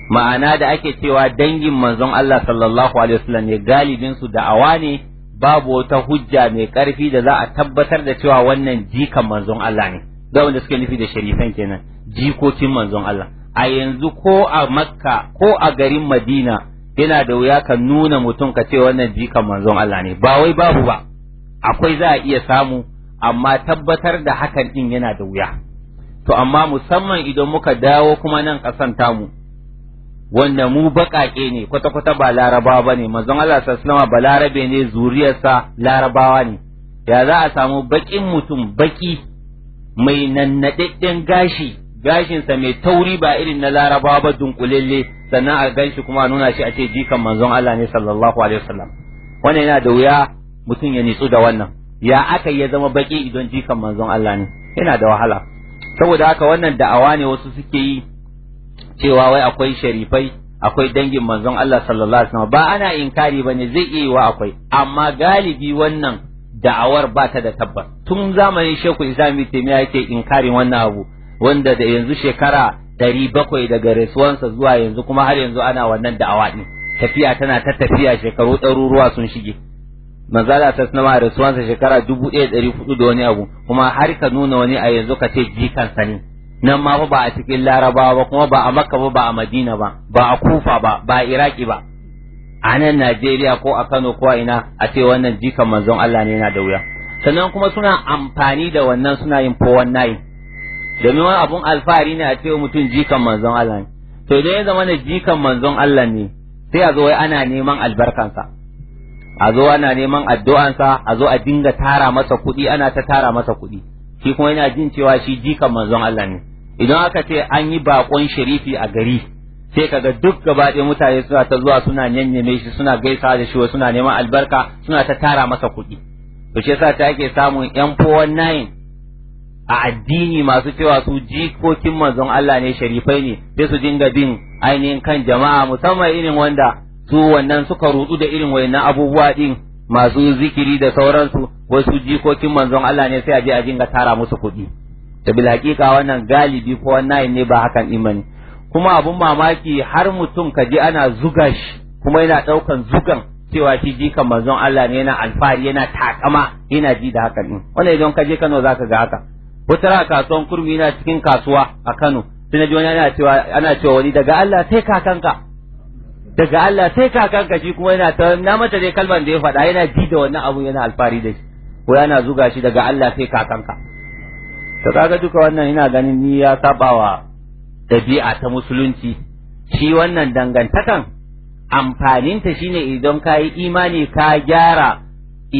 ma'ana da ake cewa dangin manzon Allah sallallahu alaihi wasallam ne galibin su da'awa ne babu wata hujja mai karfi da za a tabbatar da cewa wannan jikan manzon Allah ne ga wanda suke nufi da sharifan kenan jikokin manzon Allah a yanzu ko a makka ko a garin madina yana da wuya ka nuna mutum ka ce wannan jikan manzon Allah ne ba wai babu ba akwai za a iya samu amma tabbatar da hakan din yana da wuya to amma musamman idan muka dawo kuma nan ƙasan tamu wanda mu baƙaƙe ne kwata-kwata ba larabawa ba ne manzon Allah sallama ba larabe ne zuriyarsa larabawa ne ya za a samu baƙin mutum baƙi mai nannaɗaɗɗen gashi gashinsa mai tauri ba irin na larabawa ba dunkulelle sannan a ganshi kuma a nuna shi a ce jikan manzon Allah ne sallallahu alaihi wasallam wannan yana da wuya mutum ya nitsu da wannan ya aka ya zama baki idan jikan manzon Allah ne yana da wahala saboda haka wannan da'awa ne wasu suke yi cewa wai akwai sharifai akwai dangin manzon Allah sallallahu alaihi wasallam ba ana inkari bane zai iya wa akwai amma galibi wannan da'awar ba ta da tabbas tun zamanin Shehu Islam Ibn yake inkarin wannan abu wanda da yanzu shekara ɗari bakwai daga resuwansa zuwa yanzu kuma har yanzu ana wannan da'awa ɗin tafiya tana ta tafiya shekaru ɗaruruwa sun shige manzala ta sanama a sa shekara dubu ɗaya ɗari hudu da wani abu kuma har ka nuna wani a yanzu ka ce jikan ne nan ma ba a cikin larabawa ba kuma ba a makka ba ba a madina ba ba a kufa ba ba a iraki ba a nan najeriya ko a kano ko a ina a ce wannan jikan manzon allah ne yana da wuya sannan kuma suna amfani da wannan suna yin fo wannan domin wani abun alfahari ne a ce mutum jikan manzon allah ne to idan ya zama na jikan manzon allah ne sai a zo wai ana neman albarkansa a zo ana neman addu'ansa a zo a dinga tara masa kuɗi ana ta tara masa kuɗi shi kuma yana jin cewa shi jikan manzon Allah ne idan aka ce an yi bakon sharifi a gari sai kaga duk gaba ɗaya mutane suna ta zuwa suna nyanyame shi suna gaisa da shi suna neman albarka suna ta tara masa kuɗi to shi yasa ta ake samun yan nayin a addini masu cewa su jikokin manzon Allah ne sharifai ne sai su dinga bin ainihin kan jama'a musamman irin wanda su wannan suka rutsu da irin wayannan abubuwa din masu zikiri da sauransu wasu jikokin manzon Allah ne sai a je a dinga tara musu kuɗi da bil hakika wannan galibi ko wannan ne ba hakan imani kuma abun mamaki har mutum ka ji ana zuga shi kuma yana ɗaukan zugan cewa shi jikan manzon Allah ne yana alfahari yana takama yana ji da hakan din wannan idan ka je Kano zaka ga haka wata kasuwan kurmi na cikin kasuwa a Kano sai na ji wani ana cewa ana cewa wani daga Allah sai kakanka daga Allah sai kakanka shi kuma yana ta na mata dai kalman da ya faɗa yana ji da wannan abu yana alfari da shi ko yana zuga shi daga Allah sai kakanka to kaga duka wannan ina ganin ni ya sabawa dabi'a ta musulunci shi wannan dangantakan amfaninta shine idan ka yi imani ka gyara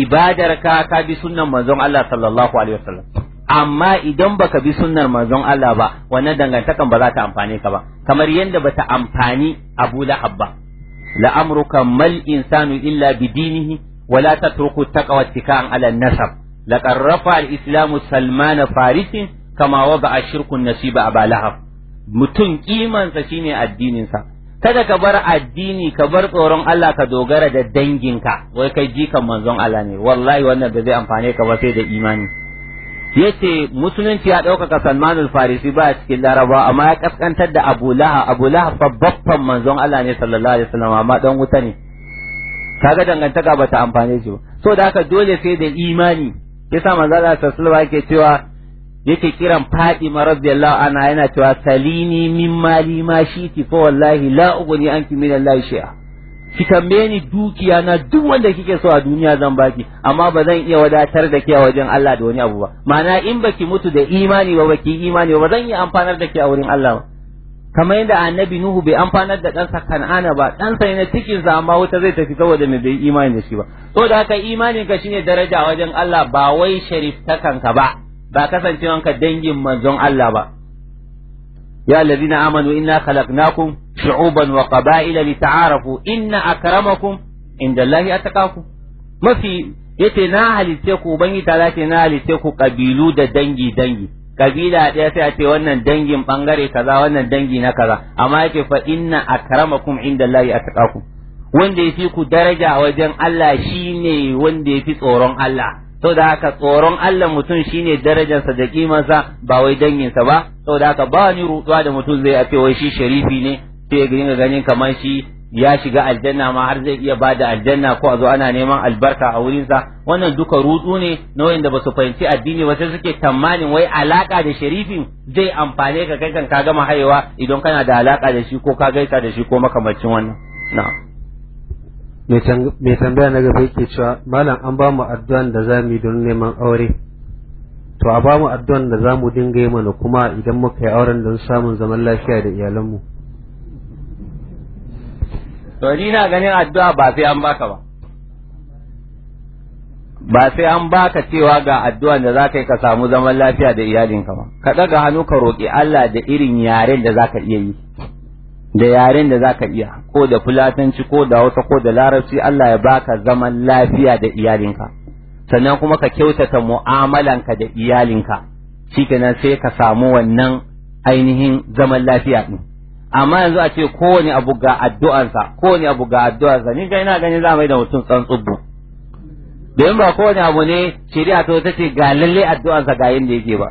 ibadar ka ka bi sunnan manzon Allah sallallahu alaihi wasallam amma idan baka bi sunnar manzon Allah ba wannan dangantakan ba za ta amfane ka ba kamar yadda bata amfani Abu Lahab ba la'amruka mal insanu illa bidinihi wala tatruku taqwa tikan ala nasab laqad rafa al-islamu salmana farisin kama wada ashirku nasiba abalahab mutum kimansa shine addinin sa kada ka bar addini ka bar tsoron Allah ka dogara da danginka wai kai jikan manzon Allah ne wallahi wannan ba zai amfane ka ba sai da imani yace musulunci ya ɗaukaka Salman farisi ba cikin larabawa amma ya kaskantar da Abu Lahab Abu Lahab babban manzon Allah ne sallallahu alaihi wasallam amma dan wuta ne kaga dangantaka bata amfane shi ba so da haka dole sai da imani yasa manzon Allah sallallahu alaihi yake cewa yake kiran Fatima radiyallahu anha yana cewa salini min mali ma shiti fa wallahi la ughni anki min Allah shay'a ki tambaye ni dukiya na duk wanda kike so a duniya zan baki amma ba zan iya wadatar da ke a wajen Allah da wani abu ba ma'ana in baki mutu da imani ba baki imani ba zan iya amfanar da ke a wurin Allah ba kamar yadda annabi Nuhu bai amfanar da ɗansa Kan'ana ba ɗansa ne na cikin sa amma wuta zai tafi saboda mai bai imani da shi ba saboda haka imanin ka shine daraja a wajen Allah ba wai ta kanka ba ba kasancewanka dangin manzon Allah ba يا الذين آمنوا إنا خلقناكم شعوبا وقبائل لتعارفوا إن أكرمكم عند الله أتقاكم ما في yace na halitse ku ubangi ta ce na halitse ku kabilu da dangi dangi kabila ɗaya sai a ce wannan dangin bangare kaza wannan dangi na kaza amma yake fa inna akramakum indallahi atqakum wanda yafi ku daraja a wajen Allah shine wanda yafi tsoron Allah Sau da haka tsoron Allah mutum shine darajar sa da kimansa ba wai danginsa ba to da haka ba ni rutuwa da mutum zai ake wai shi sharifi ne sai ga ganin kamar shi ya shiga aljanna ma har zai iya bada aljanna ko a zo ana neman albarka a wurinsa wannan duka rudu ne na wanda ba su fahimci addini ba sai suke tamanin wai alaka da sharifin zai amfane ka kai kan ka gama haihuwa idan kana da alaka da shi ko ka gaisa da shi ko makamancin wannan na'am mai tambaya na gaba yake cewa malam an ba mu addu'an da za mu yi don neman aure to a ba mu addu'an da za mu dinga yi mana kuma idan muka yi auren don samun zaman lafiya da iyalanmu to ni na ganin addu'a ba sai an baka ba ba sai an baka cewa ga addu'an da za ka yi ka samu zaman lafiya da iyalinka ba ka ɗaga hannu ka roƙi Allah da irin yaren da za ka iya yi da yaren da zaka iya ko da fulatanci ko da wata ko da larabci Allah ya baka zaman lafiya da iyalinka sannan kuma ka kyautata mu'amalanka da iyalinka shikenan sai ka samu wannan ainihin zaman lafiya din amma yanzu a ce kowane abu ga addu'arsa kowane abu ga addu'arsa ni ga ina ganin za mai da mutum tsubbu don ba kowani abu ne shari'a to wata ce ga lalle addu'arsa ga ya yake ba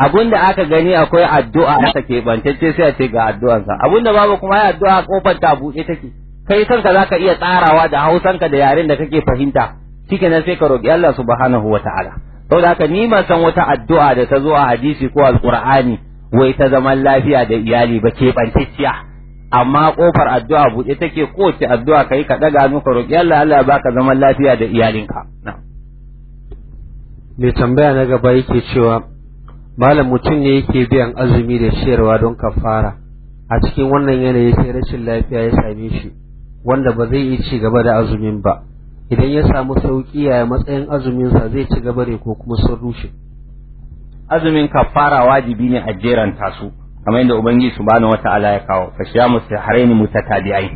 abun da aka gani akwai addu'a aka keɓantacce sai a ce ga addu'ansa abun da babu kuma ya addu'a kofar ta buɗe take kai kanka zaka iya tsarawa da hausanka da yaren da kake fahimta na sai ka roki Allah subhanahu ta'ala saboda haka ni ma san wata addu'a da ta zo a hadisi ko alqur'ani wai ta zaman lafiya da iyali ba ke bantacciya amma kofar addu'a buɗe take ce addu'a kai ka daga hannu ka roki Allah Allah ya baka zaman lafiya da iyalinka mai tambaya na gaba yake cewa malam mutum ne yake biyan azumi da ciyarwa don kafara a cikin wannan yanayi sai rashin lafiya ya same shi wanda ba zai iya ci gaba da azumin ba idan ya samu sauki ya matsayin azuminsa zai ci gaba ne ko kuma sun rushe azumin kafara wajibi ne a jeran tasu kamar yadda ubangiji subhanahu wataala ya kawo fa musu sihraini mutatabi'ai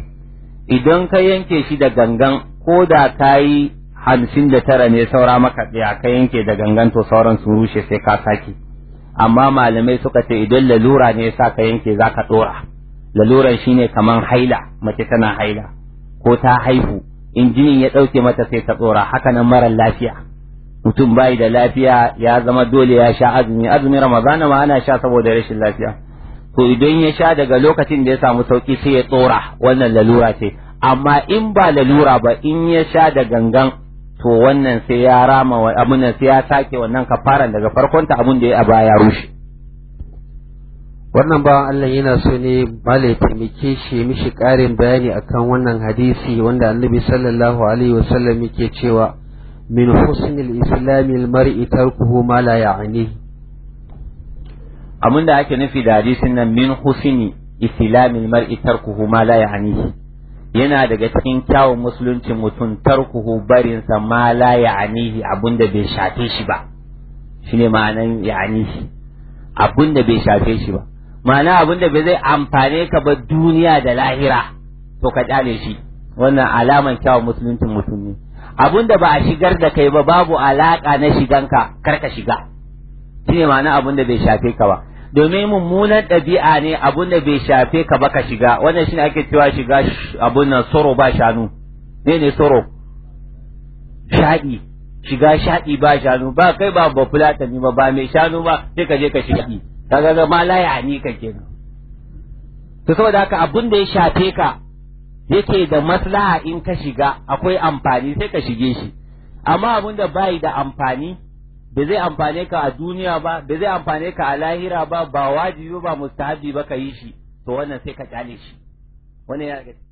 idan ka yanke shi da gangan ko da kayi hamsin da tara ne saura maka ɗaya ka yanke da gangan to sauran sun rushe sai ka sake amma malamai suka ce idan lalura ne yasa ka yanke za zaka lalura laluran ne kamar haila mace tana haila ko ta haihu in jinin ya ɗauke mata sai ta tsora haka nan mara lafiya mutum bai da lafiya ya zama dole ya sha azumi azumi ramadana ma ana sha saboda rashin lafiya to idan ya sha daga lokacin da ya samu sauki sai ya tsora wannan lalura ce amma in ba lalura ba in ya sha da gangan to wannan sai ya rama wa abun sai ya sake wannan kafaran daga farkon ta abun da ya aba ya rushe wannan bawan Allah yana so ne bale taimake shi mishi karin bayani akan wannan hadisi wanda Annabi sallallahu alaihi wasallam yake cewa min husnil islamil mar'i tarkuhu ma la ya'ni Amun da ake nufi da hadisin nan min husni islamil mar'i tarkuhu ma la ya'ni yana daga cikin kyawun musulunci mutum tarkuhu barinsa ma la ya'anihi abunda bai shafe shi ba shine ma'anan ya'anihi abunda bai shafe shi ba ma'ana abunda bai zai amfane ka ba duniya da lahira to ka kyale shi wannan alaman kyawun musulunci mutum ne abunda ba a shigar da kai ba babu alaka na shiganka kar ka shiga shine ma'ana abunda bai shafe ka ba domin mummunan ɗabi'a ne abun da bai shafe ka ba ka shiga wannan shine ake cewa shiga abun nan soro ba shanu ne ne soro shaɗi shiga shaɗi ba shanu ba kai ba ba fulata ne ba ba mai shanu ba sai ka je ka shaɗi kaga ga ma laya ni ka kenan to saboda haka abun da ya shafe ka yake da maslaha in ka shiga akwai amfani sai ka shige shi amma abun da bai da amfani ba zai amfane ka a duniya ba ba zai amfane ka a lahira ba ba wajibi ba mustahabi ba ka yi shi to wannan sai ka kyale shi wannan ya